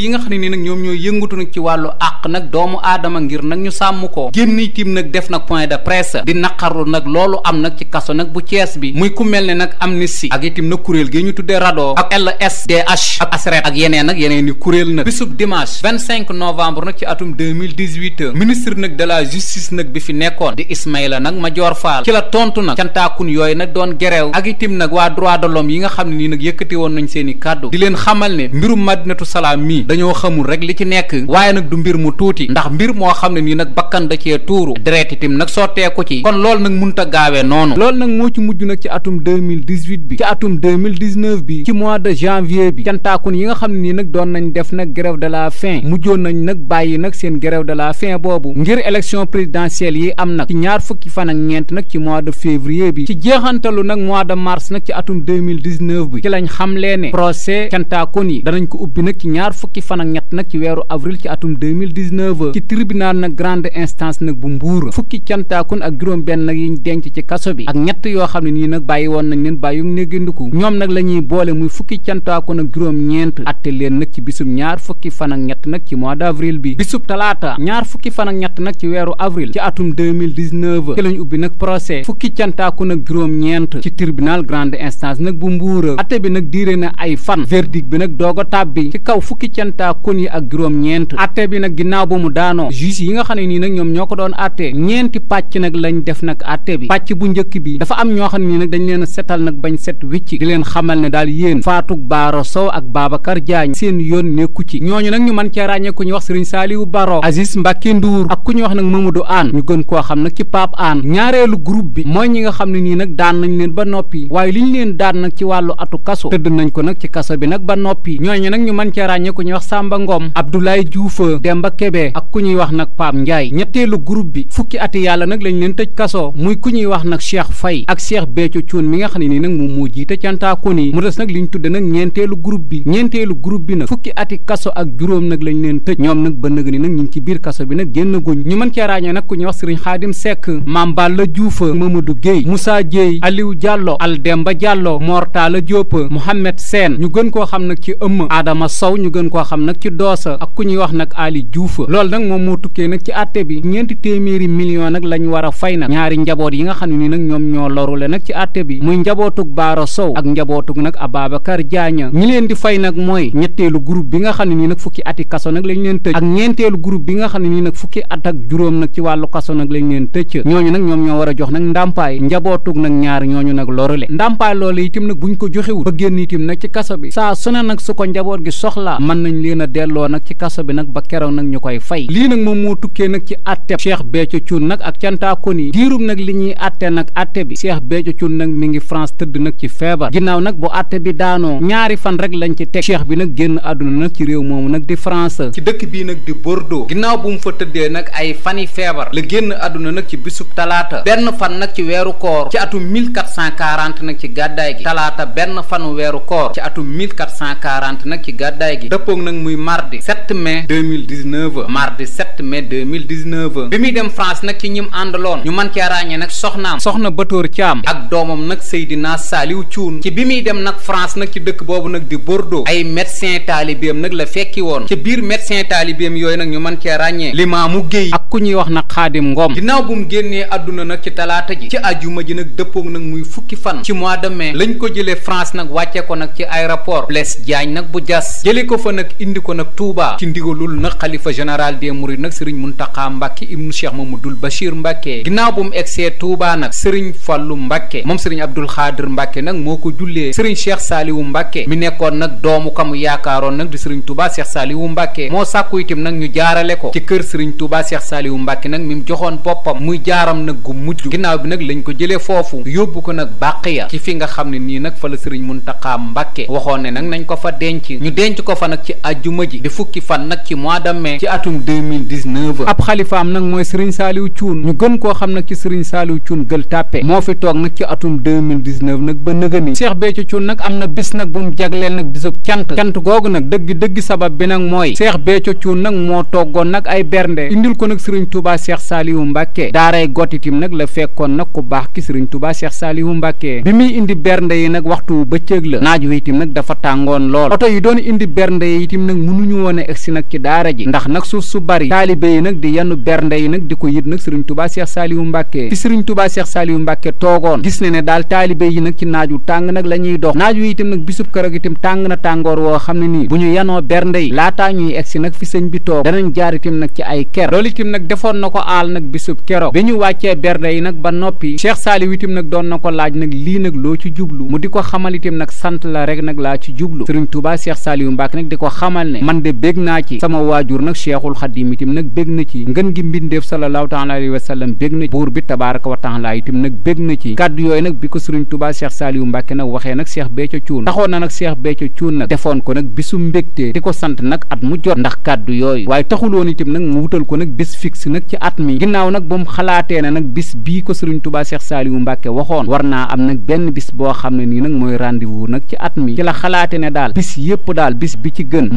yi nga xam ne nii nag ñoo yëngatu nag ci wàllu àq doomu aadama ngir nag ñu sàmm ko génn itim nag def nag point de presse di naqarlu nag loolu am nag ci kaso nag bu Cees bi muy ku mel ne nag Amnesty ak itim nag kuréel gi ñu tuddee RADDHO ak LSDH ak ASRED ak yeneen nag yeneen i kuréel nag bisub dimanche 25 novembre nag ci atum 2018 ministre nag de la justice nag bi fi nekkoon di Ismaïla nag Madior Fall ci la tontu nag cantaakun yooyu nag doon gereew ak itim nag waa droit de l'homme yi nga xam ne nii nag yëkkati woon nañ seeni i kàddu di leen xamal ne mbirum Madinatu Salaam mii dañoo xamul rek li ci nekk waaye nag du mbir mu tuuti ndax mbir moo xam ne nii nag bakkan da cee tuuru deret itam nag sotteeku ci kon loolu nag munta gaawee noonu loolu nag moo ci mujj nag ci atum bi ci la faim mujjoon nañ nag bàyyi nag seen grève de la faim boobu ngir lañ xamlee ne procès cantaakun yi danañ ko ubbi nag ci ñaar fukki fan ak ñett nag ci weer weeru avril ci atum 2019 ci tribunal nag grande instance nag ci kaso bi ak ñett yoo xam ne nii nag bàyyi woon nañ leen bàyyu néggandiku ñoom nag la ñuy boole muy fukki cantaakun ak leen nag ci bisub ñaar fukki fan ak ñett nag ci mois d' avril bi bisub talaata ñaar fukki fan ak ñett nag ci weeru avril ci atum 2019 ci lañ ubbi nag procès fukki cantaakun ak juróom ñeent ci tribunal grande instance nag bu mbuur atte bi nag diire na ay fan verdict bi nag doog a tàbbi ci kaw fukki cantaakun yi ak juróom-ñeent atte bi nag ginnaaw ba mu daanoo juge yi nga xam ne nii nag ñoom ñoo ko doon atte ñeenti pàcc nag lañ def nag atte bi ñoo xam nag a setal nag cee ràññee ku ñu wax Serigne Saliou Baro Aziz Mbacke Ndour ak ku ñu wax nag bi mooy ñi nga xam ne nii nag daan nañ leen ba noppi waaye li ñu leen daan nag ci wàllu atu kaso tëdd nañ ko bi nag ba noppi ñooñu nag ñu mën cee ràññee ñu wax Samba Ngom Abdoulaye Diouf Demba Kebe ak ku ñuy wax nag Pape Ndiaye ñetteelu groupe bi fukki ati yàlla nag lañ leen tëj kaso muy ku ñuy wax nag Cheikh Faye ak Cheikh Béthio Thioune mi nga xam ne nii nag moom moo jiite cantaakon yi mu des nag li ñu tudde nag ñeenteelu groupe bi ñeenteelu groupe bi nag fukki ati kaso ak juróom nag lañ leen tëj ñoom nag ba nëg ni nag ñu ngi ci biir kaso bi nag génn guñ ñu man cee ràññee nag ku ñuy wax Serigne Khadim Seck Mame Balla Diouf Mamadou Guèye Moussa Dieye Aliou Diallo Aldemba Diallo Mor Talla Diop Mohamed Sène ñu gën koo xam nag ci ëmm Adama ñu gën koo xam Sall ak ku ñuy wax nag Ali Diouf loolu nag moom moo tukkee nag ci àtte bi ñeenti téeméeri million nag lañ war a fay nag ñaari njaboot yi nga xam ne ni nag ñoom ñoo lorule nag ci àtte bi muy njabootug Baara Sow ak njabootug nag Ababacar Diagne ñi leen di fay nag mooy ñetteelu groupe bi nga xam ne nii nag fukki ati kaso nag lañ leen tëj ak ñeenteelu groupe bi nga xam ne nii nag fukki at ak juróom nag ci wàllu kaso nag lañ leen tëj ñooñu nag ñoom ñoo a jox nag ndàmpaay njabootug nag ñaar ñooñu nag lorule ndàmpaay loolu nag ci kaso bi nag ba keroog nag ñu koy fay lii nag moom moo tukkee nag ci atte Cheikh Béthio Thioune nag ak cantaakoon yi diirum nag li ñuy atte nag atte bi Cheikh Béthio Thioune nag mi ngi France tëdd nag ci feebar ginnaaw nag bu atte bi daanoo ñaari fan rek lañ ci teg bi nag génn àdduna nag ci réew moomu nag di France ci dëkk bii nag di Bordeaux ginnaaw bu mu fa tëddee nag ay fan yi feebar la génn àdduna nag ci bisub talaata benn fan nag ci weeru koor ci atum 1440 nag ci gàddaay gi talaata benn fanu weeru koor ci atum 1440 nag ci gàddaay gi dëppoog nag muy mardi 7 mai 2019 mardi 7 mai 2019 bi muy dem France nag ci ñim àndaloon ñu mën cee ràññee nag soxnaam soxna Batoor Thiam ak doomam nag Seydina Saaliw Cuun ci bi muy dem nag France nag ci dëkk boobu nag di Bordeaux ay médecin taalibeem nag la fekki woon ci biir médecin taalibeem yooyu nag ñu man cee ràññee Limaamu Géy ak ku ñuy wax nag Xaadim ngoom ginnaaw bu mu génnee àdduna nag ci talaata ji ci ajuma ji nag dëppoog nag muy fukki fan ci mois de mai lañ ko jëlee France nag wàcce nag ci aéroport Blaise Diagne nag bu Touba ci ndigalul nag xalifa général des mourides nag sëriñ Muntaxa Mbàkke ibnu Cheikh Mamadul Bachir Mbàkke ginnaaw bu mu egsee Touba nag sëriñ Fallu Mbàkke moom sëriñ Abdul Xaadir Mbàkke nag moo ko jullee sëriñ Cheikh wu Mbàkke mi nekkoon nag doomu kamu yaakaaroon nag di sëriñ Touba Cheikh wu Mbàkke moo sàkku itam nag ñu jaarale ko ci kër sëriñ Touba Cheikh wu Mbàkke nag mi mu joxoon boppam muy jaaram nag gu mujj ginnaaw bi nag lañ ko jëlee foofu yóbbu ko nag bàqiya ci fi nga xam ne nii nag fa la sëriñ Muntaxa Mbàkke fukki fan nag ci mois de ci atum ab xalifaam nag mooy Serigne Saliou Thioune ñu gën koo xam nag ci Serigne Saliou Thioune gël tàppe moo fi toog nag ci atum 2019 nag ba nëgëni Cheikh Béthio Thioune nag am na bis nag bu mu jagleel nag bisub cant cant googu nag dëgg dëgg sabab bi nag mooy seex Béthio Thioune nag moo toggoon nag ay bernde indil ko nag Serigne Touba Cheikh Saliou Mbacké daaray gotitim nag la fekkoon nag ku baax ki Serigne Touba Cheikh Saliou Mbacké bi muy indi bernde yi nag waxtu bëccëg la naaj wi itam dafa tàngoon lool ne egsi nag ci daara ji ndax nag suuf su bari taalibe yi nag di yenn bernde yi nag di ko yit nag sëriñ tubaa seex saaliwu mbàkke fi sëriñ tubaa seex saaliwu mbàkke toogoon gis ne ne daal taalibe yi nag ci naaju tàng nag la ñuy dox naaj wi itam nag bisub keroog itam tàng na tàngoor woo xam ne nii bu ñu yanoo bernde yi laataa ñuy egsi nag fi sëñ bi toog danañ jaar itam nag ci ay ker loolu itam nag defoon na ko aal nag bisub keroog bi ñu wàccee bernde yi nag ba noppi seex saaliwu itam nag doon na ko laaj nag lii nag loo ci jublu mu di ko xamal itam nag sant la rek nag laa ci jublu sëriñ tubaa seex saaliwu mbàkke nag di ko xamal ne man de bég naa ci sama waajur nag cheikhul xadim itam nag bég na ci ngën gi mbindeef sallallahu taala alayhi wa sallam bég na ci buur bi tabaraka wa taala itam nag bég na ci kàddu yooyu nag bi ko sëriñ tubaa cheikh saaliyu mbàkke nag waxee nag cheikh béeco cuun taxoon na nag cheikh béeco cuun nag defoon ko nag bisu mbégte di ko sant nag at mu jot ndax kàddu yooyu waaye taxuloon itam nag mu wutal ko nag bis fixe nag ci at mi ginnaaw nag ba mu xalaatee ne nag bis bii ko sëriñ tubaa cheikh saaliyu mbàkke waxoon war naa am nag benn bis boo xam ne nii nag mooy rendez-vous nag ci at mi ci la ne daal bis yépp daal bis bi ci gën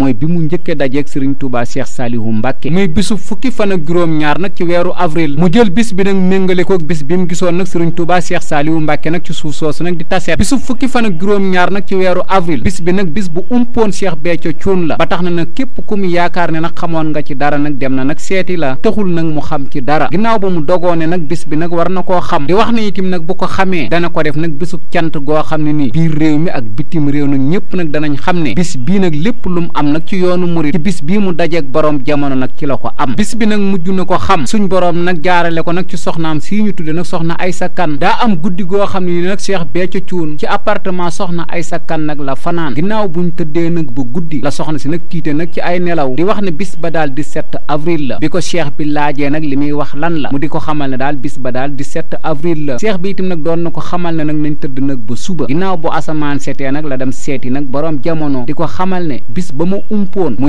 dajeeg sëriñ Touba Cheikh Salihu nag mu jël bis bi nag méngale ko ak bis bi mu gisoon nag sëriñ Touba Cheikh Salihu Mbacke nag ci suuf taseet bisu fukki fan ak juróom-ñaar nag ci weeru avril bis bi nag bis bu umpoon Cheikh Béthio Thioune la ba tax na nag képp ku mu yaakaar ne nag xamoon nga ci dara nag dem na nag seeti la taxul nag mu xam ci dara ginnaaw ba mu dogoone nag bis bi nag war na koo xam di wax ne itam nag bu ko xamee dana ko def nag bisu cant goo xam ne nii biir réew mi ak bitim réew nag ñëpp nag danañ xam murid ci bis bii mu dajeeg borom jamono nag ci la ko am bis bi nag mujj na ko xam suñ borom nag jaarale ko nag ci soxnaam sii ñu tudde nag soxna Aysa Kan daa am guddi goo xam ne ni nag Cheikh Béthio Thioune ci appartement soxna Kan nag la fanaan ginnaaw buñ tëddee nag bu guddi la soxna si nag kiite nag ci ay nelaw di wax ne bis ba daal set avril la bi ko cheikh bi laajee nag li muy wax lan la mu di ko xamal ne daal bis ba daal 17 avril la cheikh bi itam nag doon na ko xamal ne nag nañ tëdd nag ba suba ginnaaw bu asamaan seetee nag la dem seeti nag borom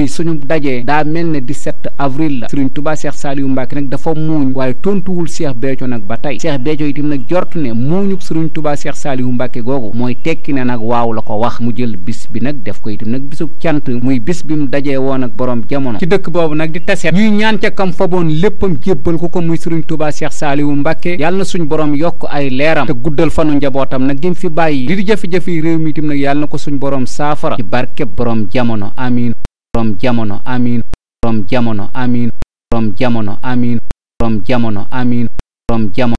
suñu dajee daa mel na ne 17 avril la Serigne Touba Cheikh Saliou Mbacke nag dafa muuñ waaye tontuwul Cheikh Béthio nag ba tey Cheikh Béthio itam nag jort ne muuñub Serigne Touba Cheikh Saliou Mbacke googu mooy tekki ne nag waaw la ko wax mu jël bis bi nag def ko itam nag bisu cant muy bis bi mu dajee woon ak borom jamono ci dëkk boobu nag di teseet ñuy ñaan ca kam foboon léppam jébbal ko ko muy Serigne Touba Cheikh Saliou Mbacke yàlla na suñ borom yokk ay leeram guddal fanu njabootam nag gim fi bàyyi li di réew mi itam nag yàlla na ko suñ borom saafara ci barkeb jamono amin borom jamono amiin borom jamono amiin borom jamono amiin borom jamono amiin